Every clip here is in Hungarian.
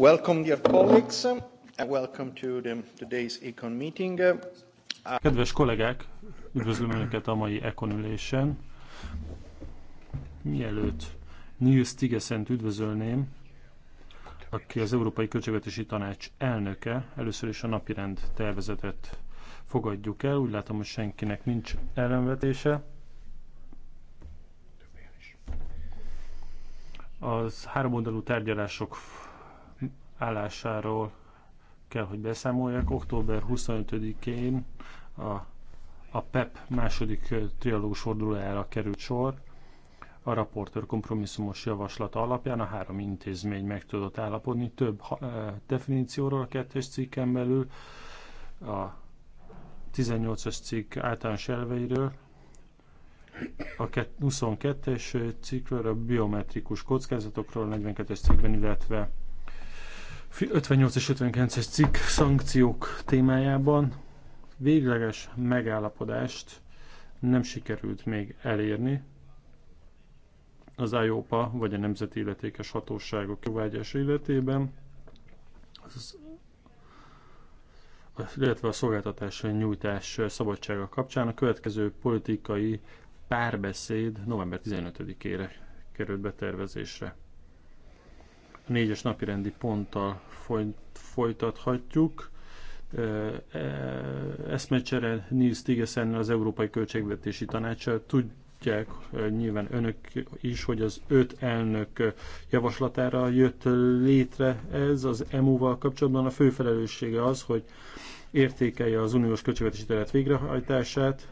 Welcome, dear colleagues, and welcome to the, today's Econ meeting. Uh, Kedves kollégák, üdvözlöm Önöket a mai Econ ülésen. Mielőtt Nils Tigeszent üdvözölném, aki az Európai Költségvetési Tanács elnöke, először is a napirend tervezetet fogadjuk el. Úgy látom, hogy senkinek nincs ellenvetése. Az oldalú tárgyalások állásáról kell, hogy beszámoljak. Október 25-én a, a PEP e második trialógus fordulójára került sor. A raportőr kompromisszumos javaslata alapján a három intézmény meg tudott állapodni több definícióról a kettes cikken belül, a 18-as cikk általános elveiről, a 22-es cikkről, a biometrikus kockázatokról, a 42-es cikkben, illetve 58 és 59-es cikk szankciók témájában végleges megállapodást nem sikerült még elérni az IOPA vagy a Nemzeti Illetékes Hatóságok jóvágyás illetében, az, illetve a szolgáltatás nyújtás szabadsága kapcsán a következő politikai párbeszéd november 15-ére került betervezésre négyes rendi ponttal folytathatjuk. E, eszmecsere Nils Tigeszen az Európai Költségvetési Tanácsa. Tudják nyilván önök is, hogy az öt elnök javaslatára jött létre ez az EMU-val kapcsolatban. A fő felelőssége az, hogy értékelje az uniós költségvetési terület végrehajtását,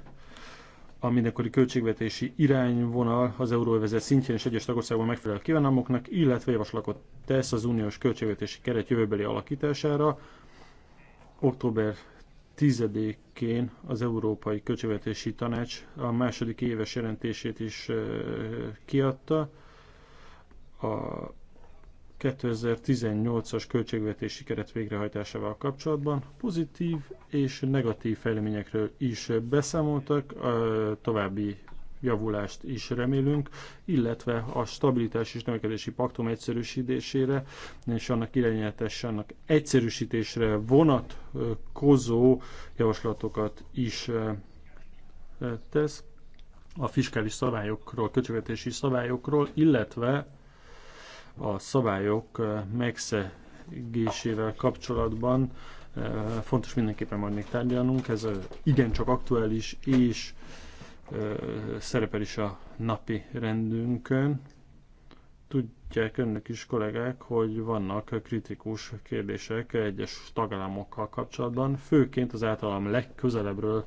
a mindenkori költségvetési irányvonal az euróvezet szintjén és egyes tagországban megfelel a kívánalmoknak, illetve javaslatot tesz az uniós költségvetési keret jövőbeli alakítására. Október 10-én az Európai Költségvetési Tanács a második éves jelentését is kiadta. A 2018-as költségvetési keret végrehajtásával kapcsolatban pozitív és negatív fejleményekről is beszámoltak, további javulást is remélünk, illetve a stabilitás és növekedési paktum egyszerűsítésére és annak irányítása, annak egyszerűsítésre vonatkozó javaslatokat is tesz a fiskális szabályokról, költségvetési szabályokról, illetve a szabályok eh, megszegésével kapcsolatban eh, fontos mindenképpen majd még tárgyalnunk. Ez eh, igencsak aktuális és szerepel is a napi rendünkön. Tudják önök is, kollégák, hogy vannak kritikus kérdések egyes tagállamokkal kapcsolatban, főként az általam legközelebbről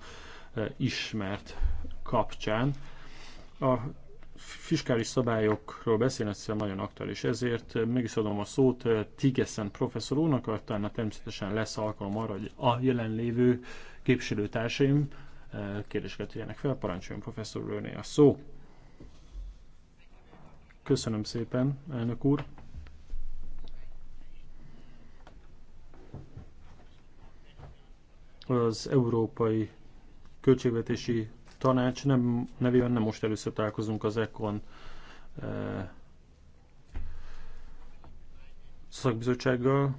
ismert kapcsán. A fiskális szabályokról beszélni, ez nagyon aktuális. Ezért is adom a szót eh, Tigeszen professzor úrnak, utána természetesen lesz alkalom arra, hogy a jelenlévő képviselőtársaim eh, kérdéseket tegyenek fel. Parancsoljon professzor úrnél a szó. Köszönöm szépen, elnök úr. Az európai költségvetési tanács nem, nevében nem most először találkozunk az ECON eh, szakbizottsággal.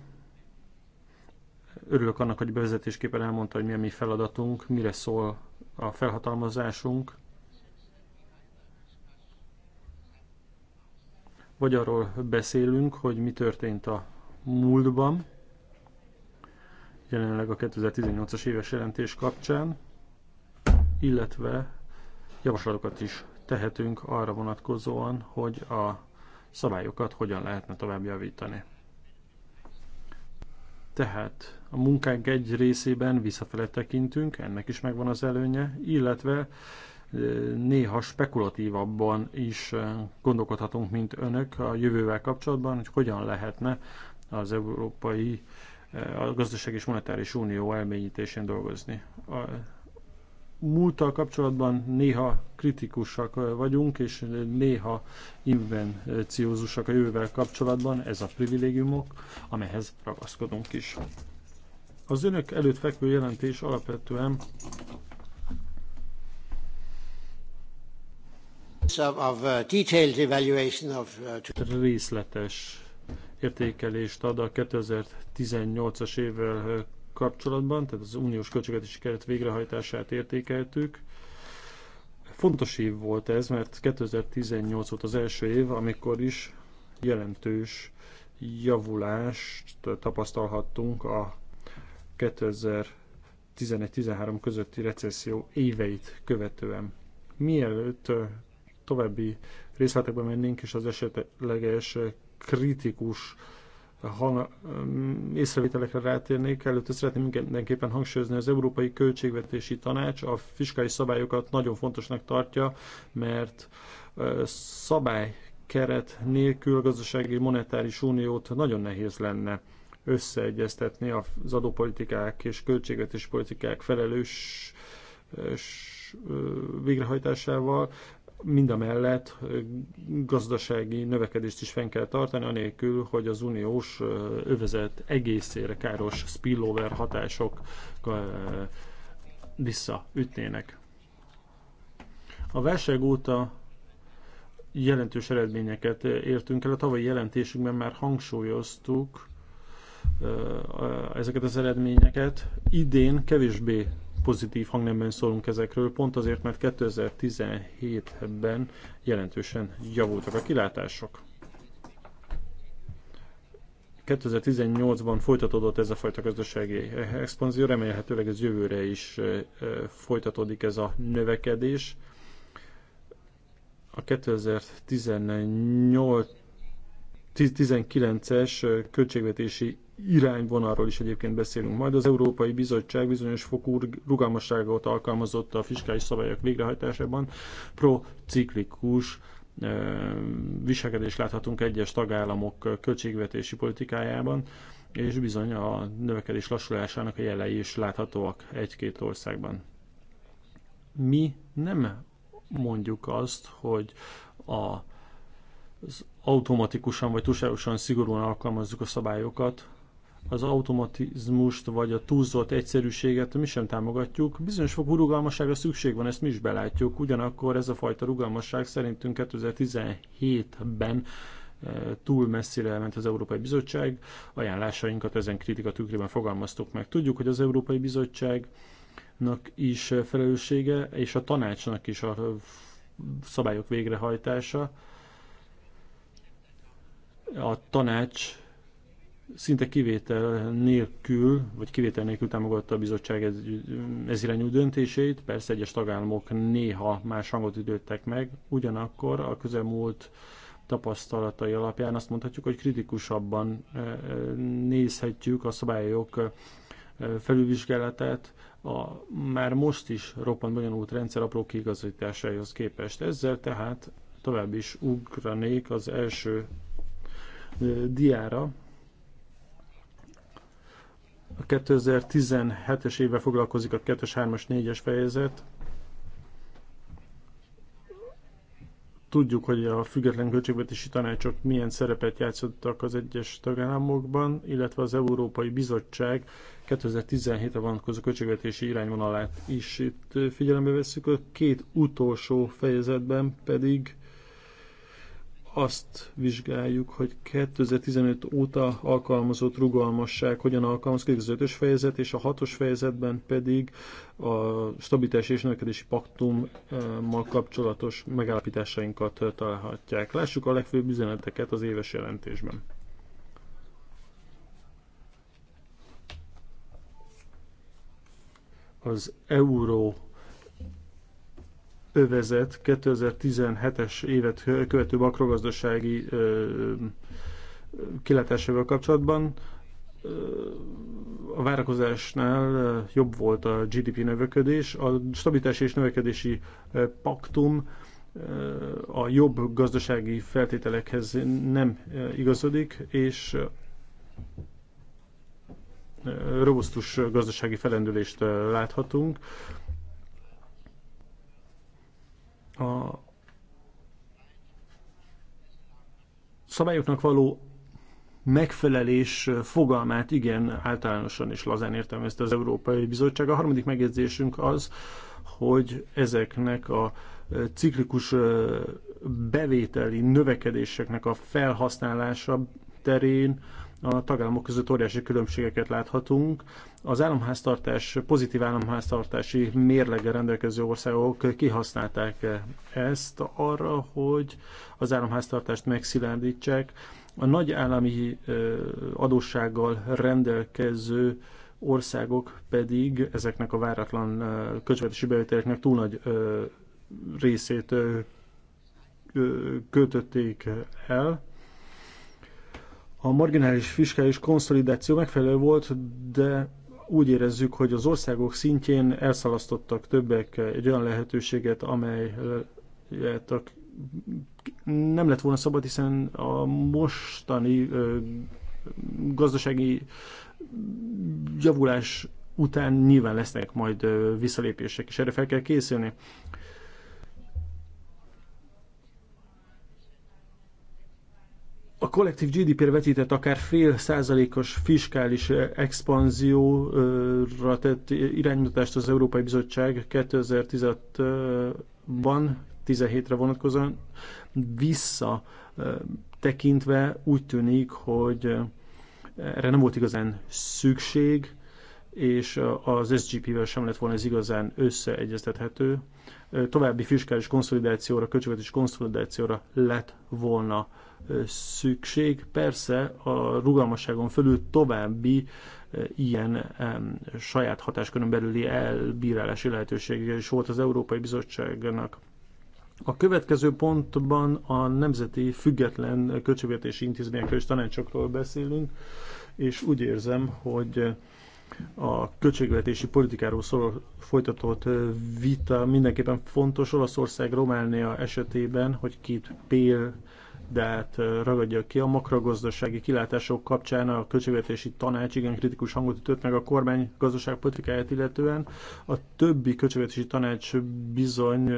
Örülök annak, hogy bevezetésképpen elmondta, hogy mi a mi feladatunk, mire szól a felhatalmazásunk. Vagy arról beszélünk, hogy mi történt a múltban, jelenleg a 2018-as éves jelentés kapcsán illetve javaslatokat is tehetünk arra vonatkozóan, hogy a szabályokat hogyan lehetne tovább javítani. Tehát a munkánk egy részében visszafele tekintünk, ennek is megvan az előnye, illetve e, néha spekulatívabban is e, gondolkodhatunk, mint önök a jövővel kapcsolatban, hogy hogyan lehetne az Európai e, a Gazdaság és Monetáris Unió elmélyítésén dolgozni múlttal kapcsolatban néha kritikusak vagyunk, és néha invenciózusak a jövővel kapcsolatban, ez a privilégiumok, amelyhez ragaszkodunk is. Az önök előtt fekvő jelentés alapvetően uh, uh, részletes értékelést ad a 2018-as évvel kapcsolatban, tehát az uniós költségvetési keret végrehajtását értékeltük. Fontos év volt ez, mert 2018 volt az első év, amikor is jelentős javulást tapasztalhattunk a 2011-13 közötti recesszió éveit követően. Mielőtt további részletekbe mennénk, és az esetleges kritikus hang, um, észrevételekre rátérnék, előtte szeretném mindenképpen hangsúlyozni, az Európai Költségvetési Tanács a fiskális szabályokat nagyon fontosnak tartja, mert szabály keret nélkül a gazdasági monetáris uniót nagyon nehéz lenne összeegyeztetni az adópolitikák és költségvetési politikák felelős végrehajtásával mind a mellett gazdasági növekedést is fenn kell tartani, anélkül, hogy az uniós övezet egészére káros spillover hatások visszaütnének. A válság óta jelentős eredményeket értünk el. A tavalyi jelentésünkben már hangsúlyoztuk ezeket az eredményeket. Idén kevésbé pozitív hangnemben szólunk ezekről, pont azért, mert 2017-ben jelentősen javultak a kilátások. 2018-ban folytatódott ez a fajta gazdasági expanzió, remélhetőleg ez jövőre is folytatódik ez a növekedés. A 2019. 19-es költségvetési irányvonalról is egyébként beszélünk. Majd az Európai Bizottság bizonyos fokú rugalmasságot alkalmazott a fiskális szabályok végrehajtásában, prociklikus eh, viselkedést láthatunk egyes tagállamok költségvetési politikájában, és bizony a növekedés lassulásának a jelei is láthatóak egy-két országban. Mi nem mondjuk azt, hogy a az automatikusan vagy túlságosan szigorúan alkalmazzuk a szabályokat, az automatizmust vagy a túlzott egyszerűséget mi sem támogatjuk. Bizonyos fokú rugalmasságra szükség van, ezt mi is belátjuk. Ugyanakkor ez a fajta rugalmasság szerintünk 2017-ben eh, túl messzire ment az Európai Bizottság. Ajánlásainkat ezen kritika tükrében fogalmaztuk meg. Tudjuk, hogy az Európai Bizottságnak is felelőssége, és a tanácsnak is a szabályok végrehajtása. A tanács szinte kivétel nélkül, vagy kivétel nélkül támogatta a bizottság ez, ez irányú döntéseit. Persze egyes tagállamok néha más hangot ütöttek meg, ugyanakkor a közelmúlt tapasztalatai alapján azt mondhatjuk, hogy kritikusabban eh, eh, nézhetjük a szabályok eh, felülvizsgálatát a már most is roppant bonyolult rendszer apró kiigazításaihoz képest. Ezzel tehát tovább is ugranék az első diára, a 2017-es éve foglalkozik a 2-es, 3-as, 4-es fejezet. Tudjuk, hogy a független költségvetési tanácsok milyen szerepet játszottak az egyes tagállamokban, illetve az Európai Bizottság 2017-re vonatkozó költségvetési irányvonalát is itt figyelembe vesszük. A két utolsó fejezetben pedig azt vizsgáljuk, hogy 2015 óta alkalmazott rugalmasság hogyan alkalmazkodik az ötös fejezet, és a hatos fejezetben pedig a stabilitás és növekedési paktummal eh, kapcsolatos megállapításainkat eh, találhatják. Lássuk a legfőbb üzeneteket az éves jelentésben. Az euró övezet 2017-es évet követő makrogazdasági kilátásával kapcsolatban a várakozásnál jobb volt a GDP növekedés. A stabilitási és növekedési paktum a jobb gazdasági feltételekhez nem igazodik, és robusztus gazdasági felendülést láthatunk a szabályoknak való megfelelés fogalmát igen általánosan és lazán értelmezte az Európai Bizottság. A harmadik megjegyzésünk az, hogy ezeknek a ciklikus bevételi növekedéseknek a felhasználása terén a tagállamok között óriási különbségeket láthatunk. Az államháztartás, pozitív államháztartási mérlege rendelkező országok kihasználták ezt arra, hogy az államháztartást megszilárdítsák. A nagy állami adóssággal rendelkező országok pedig ezeknek a váratlan közvetési bevételeknek túl nagy részét kötötték el a marginális fiskális konszolidáció megfelelő volt, de úgy érezzük, hogy az országok szintjén elszalasztottak többek egy olyan lehetőséget, amely nem lett volna szabad, hiszen a mostani gazdasági javulás után nyilván lesznek majd visszalépések, és erre fel kell készülni. kollektív GDP-re vetített akár fél százalékos fiskális eh, expanzióra tett iránymutatást az Európai Bizottság 2016-ban 17-re vonatkozóan vissza eh, tekintve úgy tűnik, hogy eh, erre nem volt igazán szükség, és az SGP-vel sem lett volna ez igazán összeegyeztethető. További fiskális konszolidációra, költségvetés konszolidációra lett volna szükség. Persze a rugalmasságon fölül további ilyen em, saját hatáskörön belüli elbírálási lehetősége is volt az Európai Bizottságnak. A következő pontban a nemzeti független költségvetési intézményekről és tanácsokról beszélünk, és úgy érzem, hogy a költségvetési politikáról szóló folytatott vita mindenképpen fontos Olaszország Románia esetében, hogy két pél labdát ragadja ki. A makrogazdasági kilátások kapcsán a költségvetési tanács igen kritikus hangot ütött meg a kormány gazdaságpolitikáját illetően. A többi költségvetési tanács bizony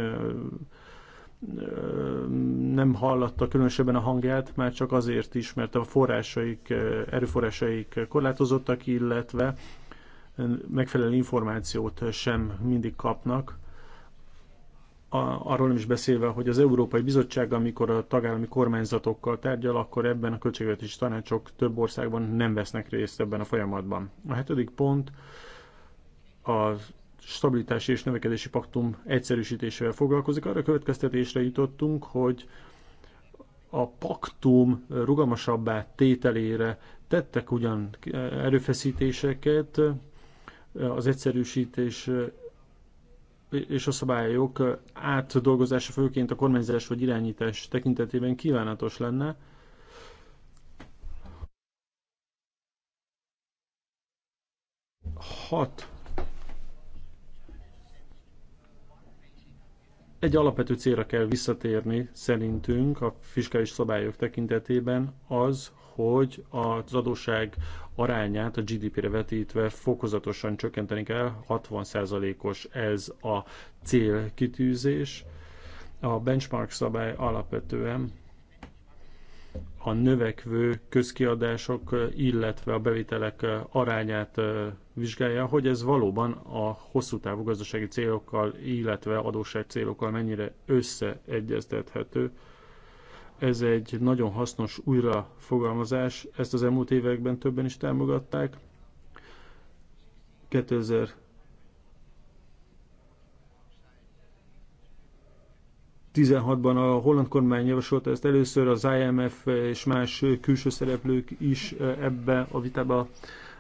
nem hallatta különösebben a hangját, már csak azért is, mert a forrásaik, erőforrásaik korlátozottak, illetve megfelelő információt sem mindig kapnak arról nem is beszélve, hogy az Európai Bizottság, amikor a tagállami kormányzatokkal tárgyal, akkor ebben a költségvetési tanácsok több országban nem vesznek részt ebben a folyamatban. A hetedik pont a stabilitási és növekedési paktum egyszerűsítésével foglalkozik. Arra következtetésre jutottunk, hogy a paktum rugalmasabbá tételére tettek ugyan erőfeszítéseket, az egyszerűsítés és a szabályok átdolgozása főként a kormányzás vagy irányítás tekintetében kívánatos lenne. Hat egy alapvető célra kell visszatérni szerintünk a fiskális szabályok tekintetében az, hogy az adóság arányát a GDP-re vetítve fokozatosan csökkenteni kell, 60%-os ez a célkitűzés. A benchmark szabály alapvetően a növekvő közkiadások, illetve a bevitelek arányát vizsgálja, hogy ez valóban a hosszú távú gazdasági célokkal, illetve adósság célokkal mennyire összeegyeztethető. Ez egy nagyon hasznos újrafogalmazás, ezt az elmúlt években többen is támogatták. 2000 16-ban a holland kormány javasolta ezt először, az IMF és más külső szereplők is ebbe a vitába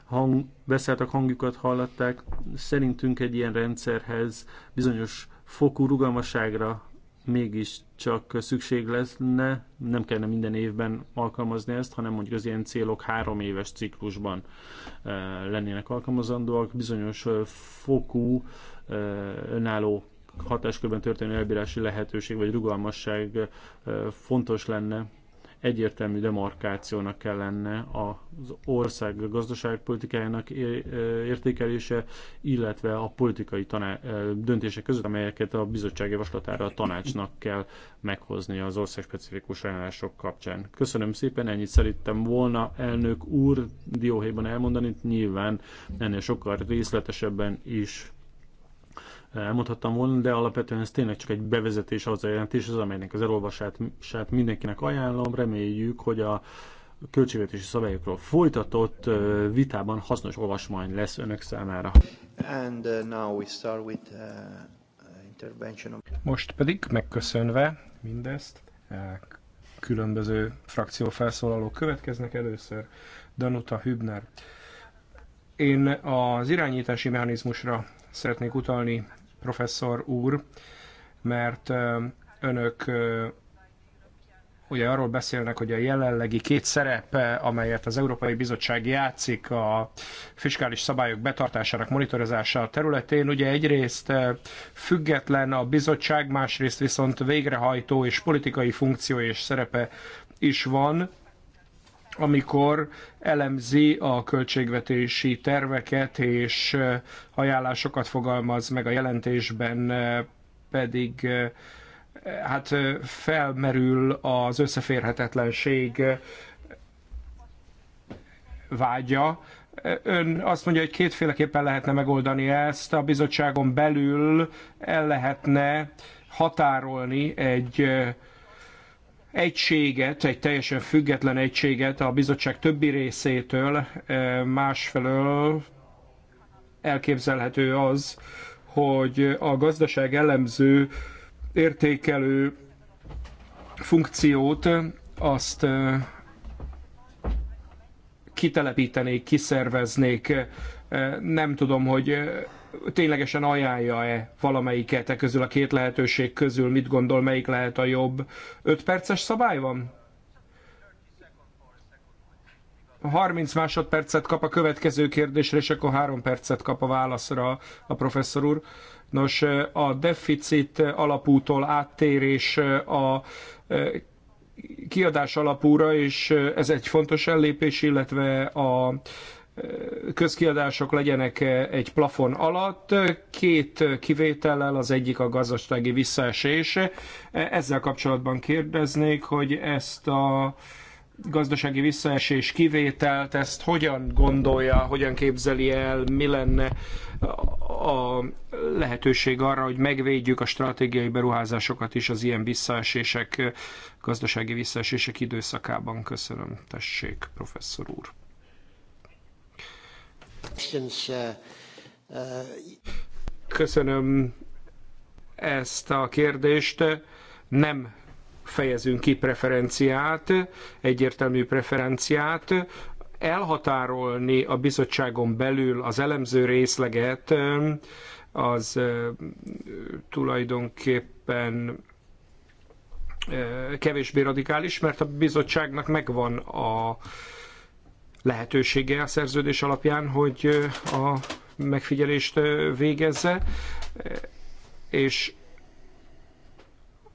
hang, beszálltak hangjukat hallatták. Szerintünk egy ilyen rendszerhez bizonyos fokú rugalmasságra mégis csak szükség lenne, nem kellene minden évben alkalmazni ezt, hanem mondjuk az ilyen célok három éves ciklusban eh, lennének alkalmazandóak, bizonyos eh, fokú eh, önálló hatáskörben történő elbírási lehetőség vagy rugalmasság fontos lenne egyértelmű demarkációnak kell lenne az ország gazdaságpolitikájának értékelése, illetve a politikai taná- döntések között, amelyeket a bizottság javaslatára a tanácsnak kell meghozni az ország specifikus ajánlások kapcsán. Köszönöm szépen, ennyit szerintem volna elnök úr dióhéjban elmondani, nyilván ennél sokkal részletesebben is elmondhattam volna, de alapvetően ez tényleg csak egy bevezetés az a jelentés, az amelynek az elolvasását mindenkinek ajánlom. Reméljük, hogy a költségvetési szabályokról folytatott vitában hasznos olvasmány lesz önök számára. And uh, now we start with, uh, uh, intervention of... Most pedig megköszönve mindezt, e, különböző frakció felszólalók következnek először. Danuta Hübner. Én az irányítási mechanizmusra szeretnék utalni professzor úr, mert önök ugye arról beszélnek, hogy a jelenlegi két szerep, amelyet az Európai Bizottság játszik a fiskális szabályok betartásának monitorozása területén, ugye egyrészt független a bizottság, másrészt viszont végrehajtó és politikai funkció és szerepe is van amikor elemzi a költségvetési terveket és ajánlásokat fogalmaz meg a jelentésben, pedig hát felmerül az összeférhetetlenség vágya. Ön azt mondja, hogy kétféleképpen lehetne megoldani ezt. A bizottságon belül el lehetne határolni egy egységet, egy teljesen független egységet a bizottság többi részétől, másfelől elképzelhető az, hogy a gazdaság elemző, értékelő funkciót azt kitelepítenék, kiszerveznék. Nem tudom, hogy ténylegesen ajánlja-e valamelyiket e közül a két lehetőség közül, mit gondol, melyik lehet a jobb. 5 perces szabály van? 30 másodpercet kap a következő kérdésre, és akkor 3 percet kap a válaszra a professzor úr. Nos, a deficit alapútól áttérés a e, kiadás alapúra, és ez egy fontos ellépés, illetve a közkiadások legyenek eh, egy plafon alatt, két kivétellel, az egyik a gazdasági visszaesés. Ezzel kapcsolatban kérdeznék, hogy ezt a gazdasági visszaesés kivételt, ezt hogyan gondolja, hogyan képzeli el, mi lenne a lehetőség arra, hogy megvédjük a stratégiai beruházásokat is az ilyen visszaesések, gazdasági visszaesések időszakában. Köszönöm, tessék, professzor úr. Uh, uh, Köszönöm ezt a kérdést. Nem fejezünk ki preferenciát, egyértelmű preferenciát. Elhatárolni a bizottságon belül az elemző részleget um, az uh, tulajdonképpen kevésbé radikális, mert a bizottságnak megvan a lehetősége a szerződés alapján, hogy a megfigyelést végezze, és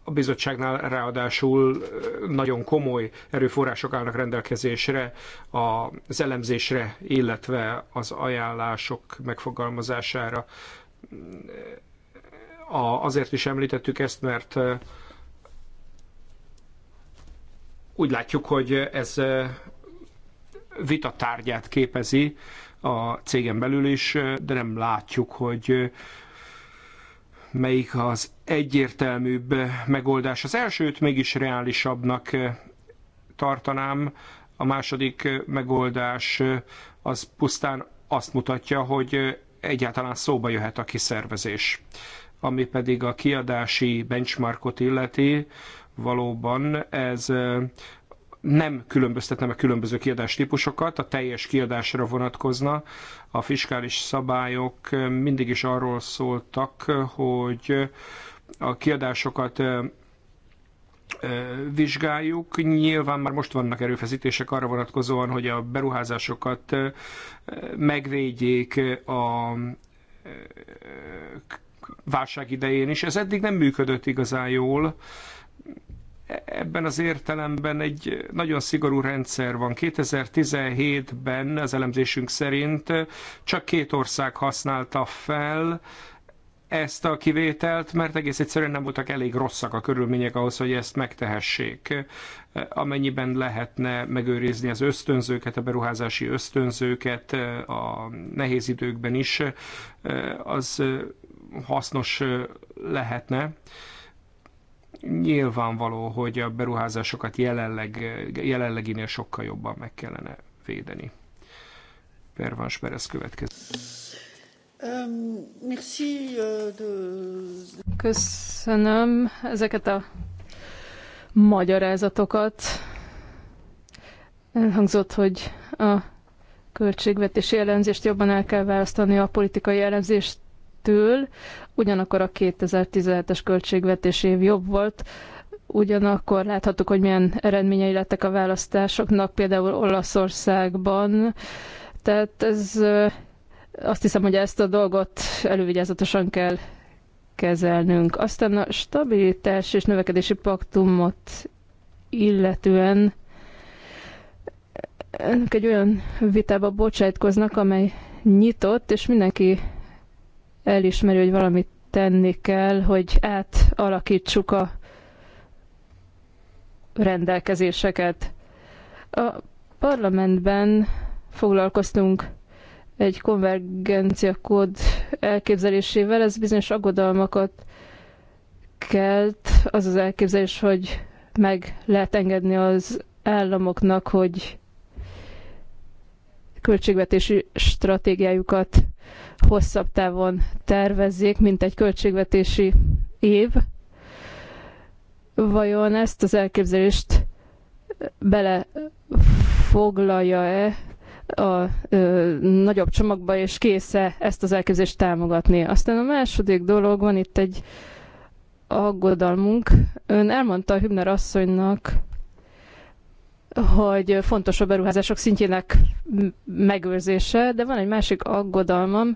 a bizottságnál ráadásul nagyon komoly erőforrások állnak rendelkezésre az elemzésre, illetve az ajánlások megfogalmazására. Azért is említettük ezt, mert úgy látjuk, hogy ez vita tárgyát képezi a cégen belül is, de nem látjuk, hogy melyik az egyértelműbb megoldás. Az elsőt mégis reálisabbnak tartanám, a második megoldás az pusztán azt mutatja, hogy egyáltalán szóba jöhet a kiszervezés. Ami pedig a kiadási benchmarkot illeti, valóban ez nem különböztetne meg különböző kiadástípusokat, a teljes kiadásra vonatkozna. A fiskális szabályok mindig is arról szóltak, hogy a kiadásokat vizsgáljuk. Nyilván már most vannak erőfeszítések arra vonatkozóan, hogy a beruházásokat megvédjék a válság idején is. Ez eddig nem működött igazán jól ebben az értelemben egy nagyon szigorú rendszer van. 2017-ben az elemzésünk szerint csak két ország használta fel ezt a kivételt, mert egész egyszerűen nem voltak elég rosszak a körülmények ahhoz, hogy ezt megtehessék. Amennyiben lehetne megőrizni az ösztönzőket, a beruházási ösztönzőket a nehéz időkben is, az hasznos lehetne Nyilvánvaló, hogy a beruházásokat jelenleg, jelenleginél sokkal jobban meg kellene védeni. Pervans Perez következő. Um, uh, Köszönöm ezeket a magyarázatokat. Elhangzott, hogy a költségvetési elemzést jobban el kell választani a politikai elemzést től, ugyanakkor a 2017-es költségvetés év jobb volt, ugyanakkor láthattuk, hogy milyen eredményei lettek a választásoknak, például Olaszországban, tehát ez azt hiszem, hogy ezt a dolgot elővigyázatosan kell kezelnünk. Aztán a stabilitás és növekedési paktumot illetően önök egy olyan vitába bocsájtkoznak, amely nyitott, és mindenki elismeri, hogy valamit tenni kell, hogy átalakítsuk a rendelkezéseket. A parlamentben foglalkoztunk egy konvergencia kód elképzelésével, ez bizonyos aggodalmakat kelt, az az elképzelés, hogy meg lehet engedni az államoknak, hogy költségvetési stratégiájukat hosszabb távon tervezzék, mint egy költségvetési év. Vajon ezt az elképzelést belefoglalja-e a ö, nagyobb csomagba, és késze ezt az elképzelést támogatni. Aztán a második dolog, van itt egy aggodalmunk. Ön elmondta a Hübner asszonynak, hogy fontos a beruházások szintjének megőrzése, de van egy másik aggodalmam,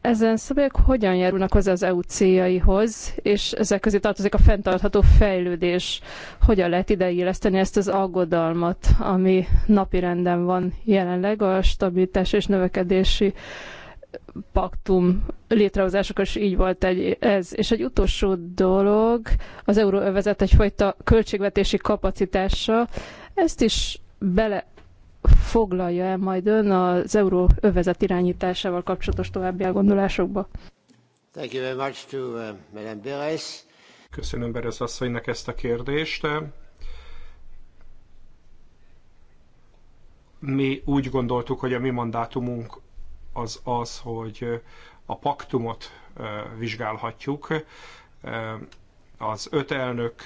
ezen szabályok hogyan járulnak hozzá az EU céljaihoz, és ezek közé tartozik a fenntartható fejlődés. Hogyan lehet ideilleszteni ezt az aggodalmat, ami napirenden van jelenleg a stabilitás és növekedési uh, paktum létrehozásokkal is így volt egy, ez. És egy utolsó dolog, az euróövezet egyfajta költségvetési kapacitása, ezt is bele foglalja el majd ön az euróövezet irányításával kapcsolatos további elgondolásokba? Thank you very much to uh, Madame Köszönöm Beres asszonynak ezt a kérdést. Mi úgy gondoltuk, hogy a mi mandátumunk az az, hogy a paktumot vizsgálhatjuk. Az öt elnök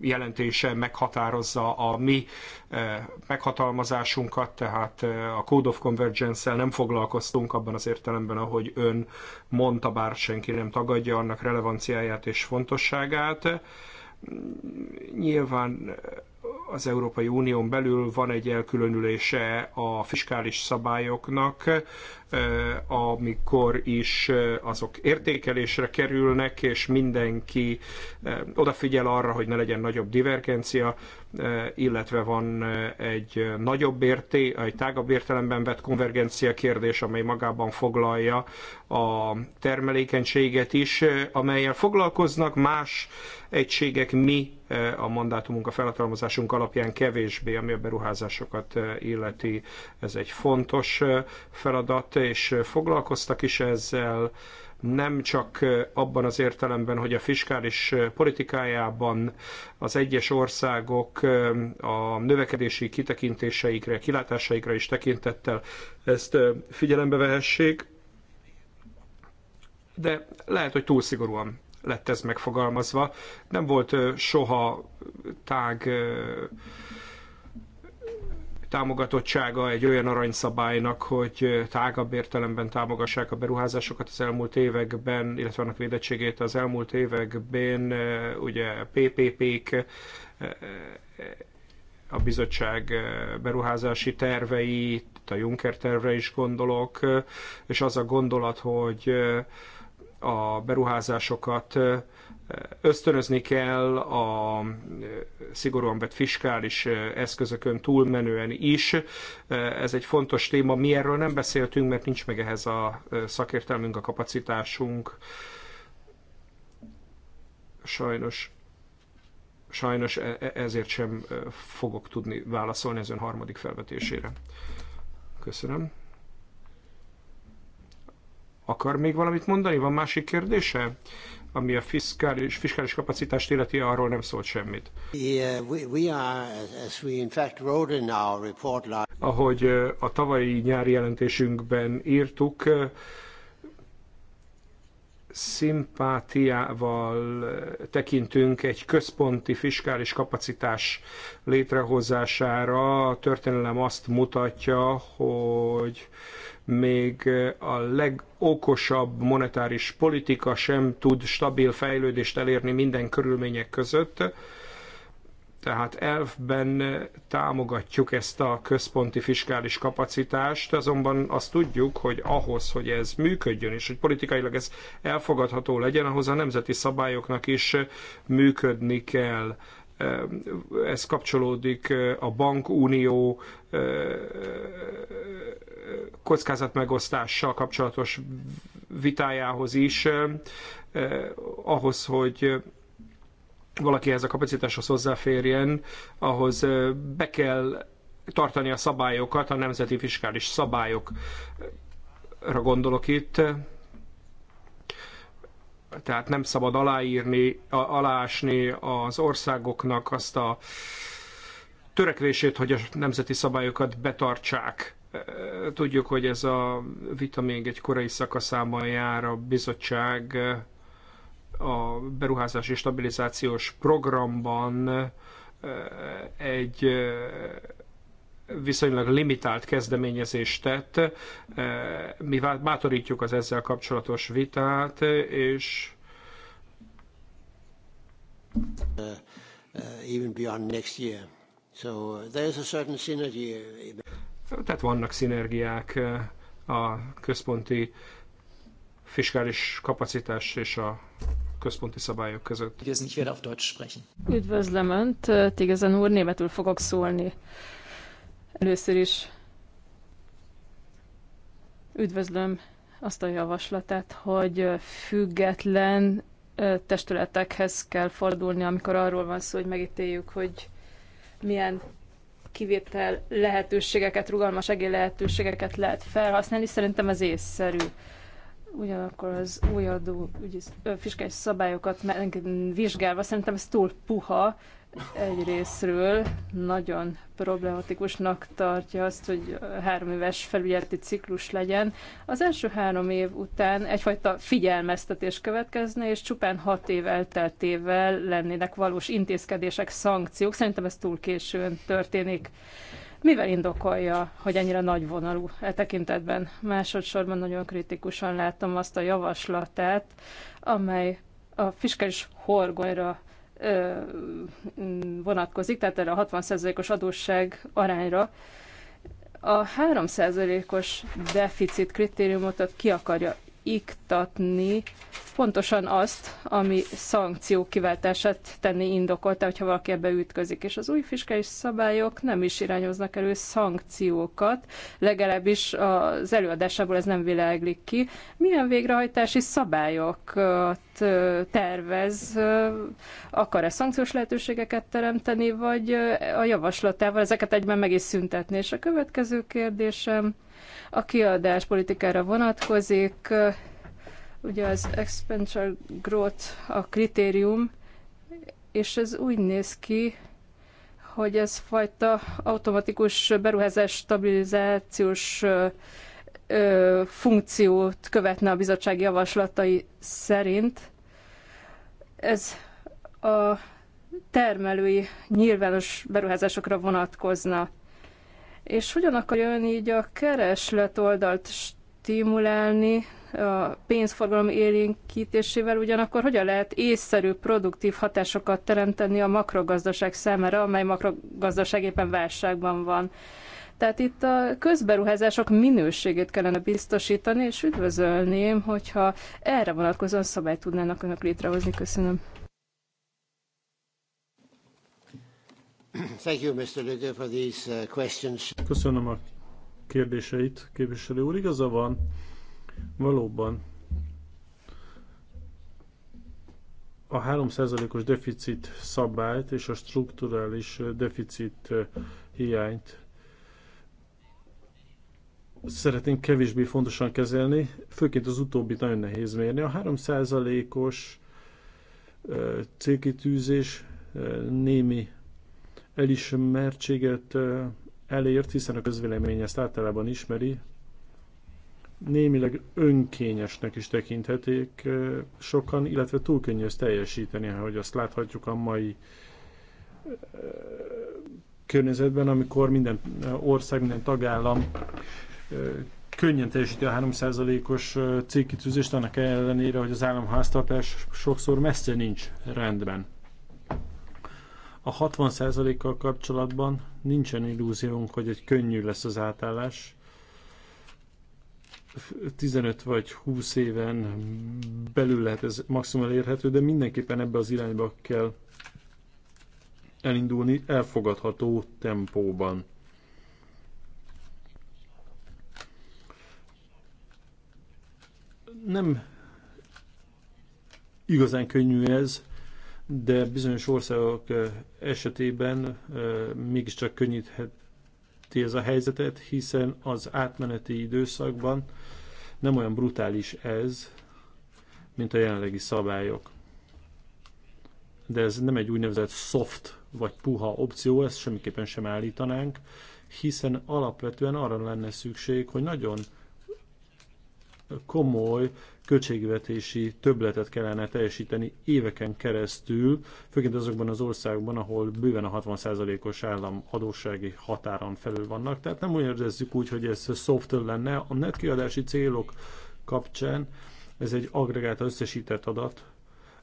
jelentése meghatározza a mi meghatalmazásunkat, tehát a Code of Convergence-el nem foglalkoztunk abban az értelemben, ahogy ön mondta, bár senki nem tagadja annak relevanciáját és fontosságát. Nyilván az Európai Unión belül van egy elkülönülése a fiskális szabályoknak, Eh, amikor is eh, azok értékelésre kerülnek, és mindenki eh, odafigyel arra, hogy ne legyen nagyobb divergencia, illetve van egy nagyobb érté, egy tágabb értelemben vett konvergencia kérdés, amely magában foglalja a termelékenységet is, amelyel foglalkoznak más egységek, mi a mandátumunk, a felhatalmazásunk alapján kevésbé, ami a beruházásokat illeti. Ez egy fontos feladat, és foglalkoztak is ezzel, nem csak abban az értelemben, hogy a fiskális politikájában az egyes országok a növekedési kitekintéseikre, kilátásaikra is tekintettel ezt figyelembe vehessék, de lehet, hogy túl szigorúan lett ez megfogalmazva. Nem volt soha tág támogatottsága egy olyan aranyszabálynak, hogy tágabb értelemben támogassák a beruházásokat az elmúlt években, illetve annak védettségét az elmúlt években, ugye PPP-k, a bizottság beruházási tervei, a Juncker tervre is gondolok, és az a gondolat, hogy a beruházásokat ösztönözni kell a szigorúan vett fiskális eszközökön túlmenően is. Ez egy fontos téma. Mi erről nem beszéltünk, mert nincs meg ehhez a szakértelmünk, a kapacitásunk. Sajnos sajnos e, e, ezért sem fogok tudni válaszolni az ön harmadik felvetésére. Köszönöm. Akar még valamit mondani? Van másik kérdése? ami a fiskális, fiskális kapacitást illeti, arról nem szólt semmit. Ahogy a tavalyi nyári jelentésünkben írtuk, szimpátiával tekintünk egy központi fiskális kapacitás létrehozására. A történelem azt mutatja, hogy még a legokosabb monetáris politika sem tud stabil fejlődést elérni minden körülmények között tehát elfben támogatjuk ezt a központi fiskális kapacitást, azonban azt tudjuk, hogy ahhoz, hogy ez működjön, és hogy politikailag ez elfogadható legyen, ahhoz a nemzeti szabályoknak is működni kell. Ez kapcsolódik a bankunió kockázatmegosztással kapcsolatos vitájához is, ahhoz, hogy valaki ez a kapacitáshoz hozzáférjen, ahhoz be kell tartani a szabályokat, a nemzeti fiskális szabályokra gondolok itt. Tehát nem szabad aláírni, alásni az országoknak azt a törekvését, hogy a nemzeti szabályokat betartsák. Tudjuk, hogy ez a vita még egy korai szakaszában jár a bizottság a beruházási stabilizációs programban egy viszonylag limitált kezdeményezést tett. Mi bátorítjuk az ezzel kapcsolatos vitát, és uh, uh, even beyond next year. So uh, there's a certain synergy. Tehát vannak szinergiák a központi fiskális kapacitás és a központi szabályok között. Üdvözlöm Önt, Tigezen úr, németül fogok szólni. Először is üdvözlöm azt a javaslatát, hogy független testületekhez kell fordulni, amikor arról van szó, hogy megítéljük, hogy milyen kivétel lehetőségeket, rugalmas lehetőségeket lehet felhasználni. Szerintem ez észszerű ugyanakkor az új adó fiskális szabályokat vizsgálva szerintem ez túl puha egyrésztről nagyon problematikusnak tartja azt, hogy három éves felügyeleti ciklus legyen. Az első három év után egyfajta figyelmeztetés következne, és csupán hat év elteltével lennének valós intézkedések, szankciók. Szerintem ez túl későn történik. Mivel indokolja, hogy ennyire nagy vonalú, e tekintetben? Másodszorban nagyon kritikusan láttam azt a javaslatát, amely a fiskális horgonyra vonatkozik, tehát erre a 60%-os adósság arányra. A 3%-os deficit kritériumot ki akarja iktatni pontosan azt, ami szankció kiváltását tenni indokolta, hogyha valaki ebbe ütközik. És az új fiskális szabályok nem is irányoznak elő szankciókat, legalábbis az előadásából ez nem világlik ki. Milyen végrehajtási szabályokat tervez? Akar-e szankciós lehetőségeket teremteni, vagy a javaslatával ezeket egyben meg is szüntetni? És a következő kérdésem, a kiadás politikára vonatkozik. Ugye az expenditure growth a kritérium, és ez úgy néz ki, hogy ez fajta automatikus beruházás stabilizációs ö, funkciót követne a bizottság javaslatai szerint. Ez a termelői nyilvános beruházásokra vonatkozna. És hogyan akar jön így a kereslet oldalt stimulálni a pénzforgalom élénkítésével, ugyanakkor hogyan lehet észszerű, produktív hatásokat teremteni a makrogazdaság számára, amely makrogazdaság éppen válságban van. Tehát itt a közberuházások minőségét kellene biztosítani, és üdvözölném, hogyha erre vonatkozóan szabályt tudnának önök létrehozni. Köszönöm. Uh, Köszönöm a kérdéseit, képviselő úr. Igaza van, valóban a 3%-os deficit szabályt és a strukturális uh, deficit uh, hiányt szeretnénk kevésbé fontosan kezelni, főként az utóbbit nagyon nehéz mérni. A 3%-os célkitűzés némi elismertséget elért, hiszen a közvélemény ezt általában ismeri, némileg önkényesnek is tekinthetik sokan, illetve túl könnyű ezt teljesíteni, ahogy azt láthatjuk a mai környezetben, amikor minden ország, minden tagállam könnyen teljesíti a 3%-os cégkitűzést, annak ellenére, hogy az államháztartás sokszor messze nincs rendben. A 60%-kal kapcsolatban nincsen illúziónk, hogy egy könnyű lesz az átállás. 15 vagy 20 éven belül lehet ez maximum elérhető, de mindenképpen ebbe az irányba kell elindulni elfogadható tempóban. Nem igazán könnyű ez, de bizonyos országok eh, esetében eh, mégiscsak könnyítheti ez a helyzetet, hiszen az átmeneti időszakban nem olyan brutális ez, mint a jelenlegi szabályok. De ez nem egy úgynevezett soft vagy puha opció, ezt semmiképpen sem állítanánk, hiszen alapvetően arra lenne szükség, hogy nagyon komoly költségvetési többletet kellene teljesíteni éveken keresztül, főként azokban az országokban, ahol bőven a 60%-os állam adóssági határon felül vannak. Tehát nem úgy érezzük úgy, hogy ez soft lenne. A netkiadási célok kapcsán ez egy agregált összesített adat,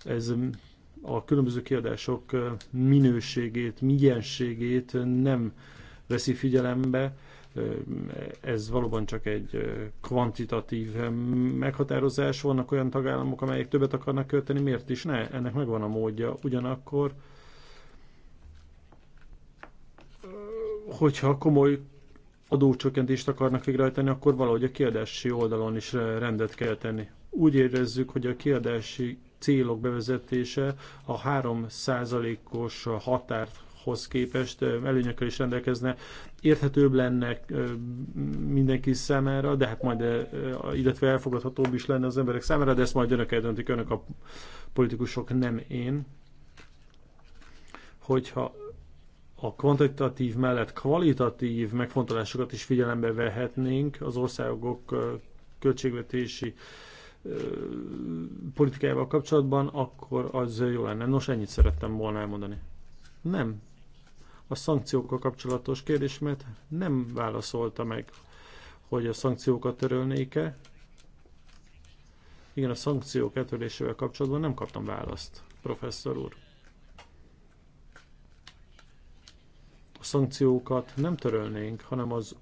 ez a különböző kiadások minőségét, mienségét nem veszi figyelembe, ez valóban csak egy kvantitatív meghatározás. Vannak olyan tagállamok, amelyek többet akarnak költeni, miért is ne? Ennek megvan a módja. Ugyanakkor, hogyha komoly adócsökkentést akarnak végrehajtani, akkor valahogy a kiadási oldalon is rendet kell tenni. Úgy érezzük, hogy a kiadási célok bevezetése a 3%-os határhoz képest előnyökkel is rendelkezne, érthetőbb lenne mindenki számára, de hát majd, illetve elfogadhatóbb is lenne az emberek számára, de ezt majd önök eldöntik, önök a politikusok, nem én. Hogyha a kvantitatív mellett kvalitatív megfontolásokat is figyelembe vehetnénk az országok költségvetési politikájával kapcsolatban, akkor az jó lenne. Nos, ennyit szerettem volna elmondani. Nem, a szankciókkal kapcsolatos mert nem válaszolta meg, hogy a szankciókat törölnék-e. Igen, a szankciók eltörlésével kapcsolatban nem kaptam választ, professzor úr. A szankciókat nem törölnénk, hanem az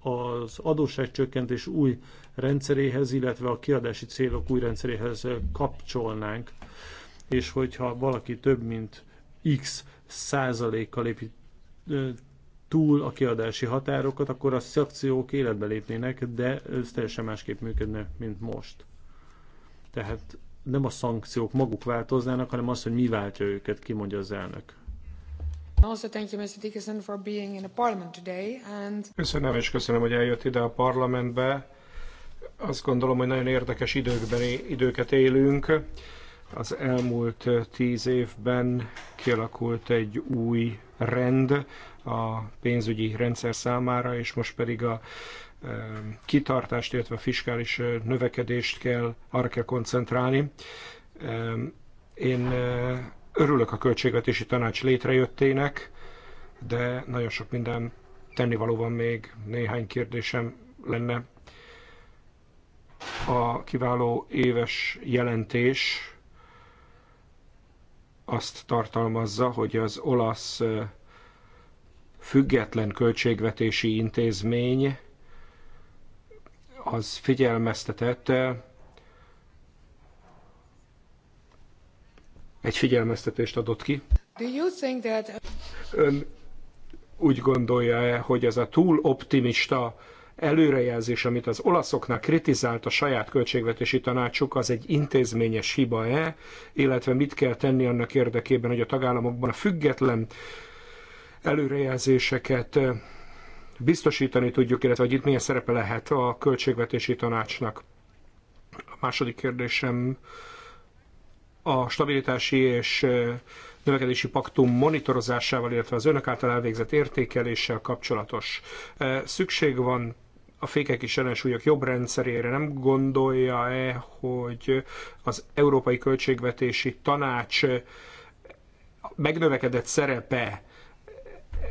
az adósságcsökkentés új rendszeréhez, illetve a kiadási célok új rendszeréhez kapcsolnánk, és hogyha valaki több mint x százalékkal lépi túl a kiadási határokat, akkor a szakciók életbe lépnének, de ez teljesen másképp működne, mint most. Tehát nem a szankciók maguk változnának, hanem az, hogy mi váltja őket, kimondja az elnök. Köszönöm, és köszönöm, hogy eljött ide a parlamentbe. Azt gondolom, hogy nagyon érdekes időkben, időket élünk az elmúlt tíz évben kialakult egy új rend a pénzügyi rendszer számára, és most pedig a kitartást, illetve a fiskális növekedést kell, arra kell koncentrálni. Én örülök a költségvetési tanács létrejöttének, de nagyon sok minden van még néhány kérdésem lenne. A kiváló éves jelentés azt tartalmazza, hogy az olasz független költségvetési intézmény az figyelmeztetett egy figyelmeztetést adott ki. Do you think that? Ön úgy gondolja-e, hogy ez a túl optimista előrejelzés, amit az olaszoknál kritizált a saját költségvetési tanácsuk, az egy intézményes hiba-e, illetve mit kell tenni annak érdekében, hogy a tagállamokban a független előrejelzéseket eh, biztosítani tudjuk, illetve hogy itt milyen szerepe lehet a költségvetési tanácsnak. A második kérdésem a stabilitási és eh, növekedési paktum monitorozásával, illetve az önök által elvégzett értékeléssel kapcsolatos. Eh, szükség van a fékek és ellensúlyok jobb rendszerére nem gondolja-e, hogy az Európai Költségvetési Tanács megnövekedett szerepe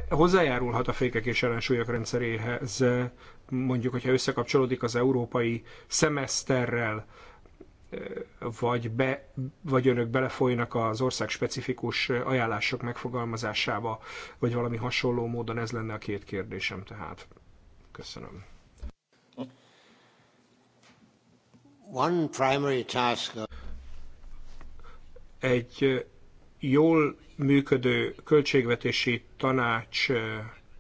hozzájárulhat a fékek és ellensúlyok rendszeréhez, mondjuk, hogyha összekapcsolódik az európai szemeszterrel, vagy, be, vagy önök belefolynak az ország specifikus ajánlások megfogalmazásába, vagy valami hasonló módon ez lenne a két kérdésem tehát. Köszönöm. Egy jól működő költségvetési tanács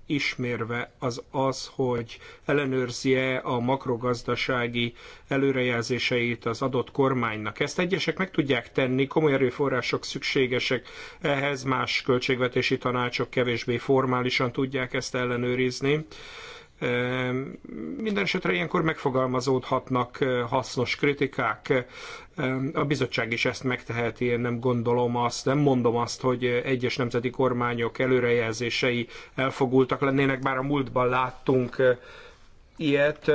ismérve az az, hogy ellenőrzi-e a makrogazdasági előrejelzéseit az adott kormánynak. Ezt egyesek meg tudják tenni, komoly erőforrások szükségesek ehhez, más költségvetési tanácsok kevésbé formálisan tudják ezt ellenőrizni. Ehm, minden esetre ilyenkor megfogalmazódhatnak eh, hasznos kritikák. Ehm, a bizottság is ezt megteheti, én nem gondolom azt, nem mondom azt, hogy egyes nemzeti kormányok előrejelzései elfogultak lennének, bár a múltban láttunk eh, ilyet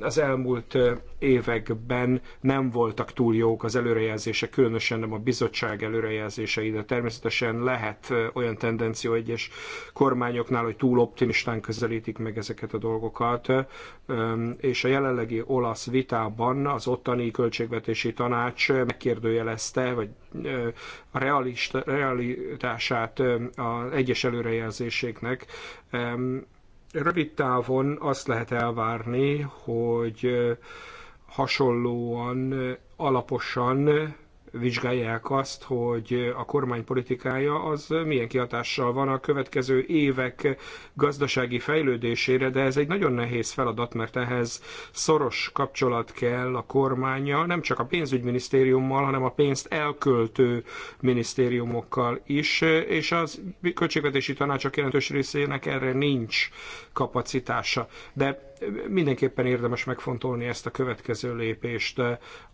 az elmúlt években nem voltak túl jók az előrejelzések, különösen nem a bizottság előrejelzései, de természetesen lehet olyan tendenció egyes kormányoknál, hogy túl optimistán közelítik meg ezeket a dolgokat, és a jelenlegi olasz vitában az ottani költségvetési tanács megkérdőjelezte, vagy a realist, realitását az egyes előrejelzéséknek Rövid távon azt lehet elvárni, hogy hasonlóan alaposan vizsgálják azt, hogy a kormány politikája az milyen kihatással van a következő évek gazdasági fejlődésére, de ez egy nagyon nehéz feladat, mert ehhez szoros kapcsolat kell a kormánya, nem csak a pénzügyminisztériummal, hanem a pénzt elköltő minisztériumokkal is, és az költségvetési tanácsok jelentős részének erre nincs kapacitása. De mindenképpen érdemes megfontolni ezt a következő lépést.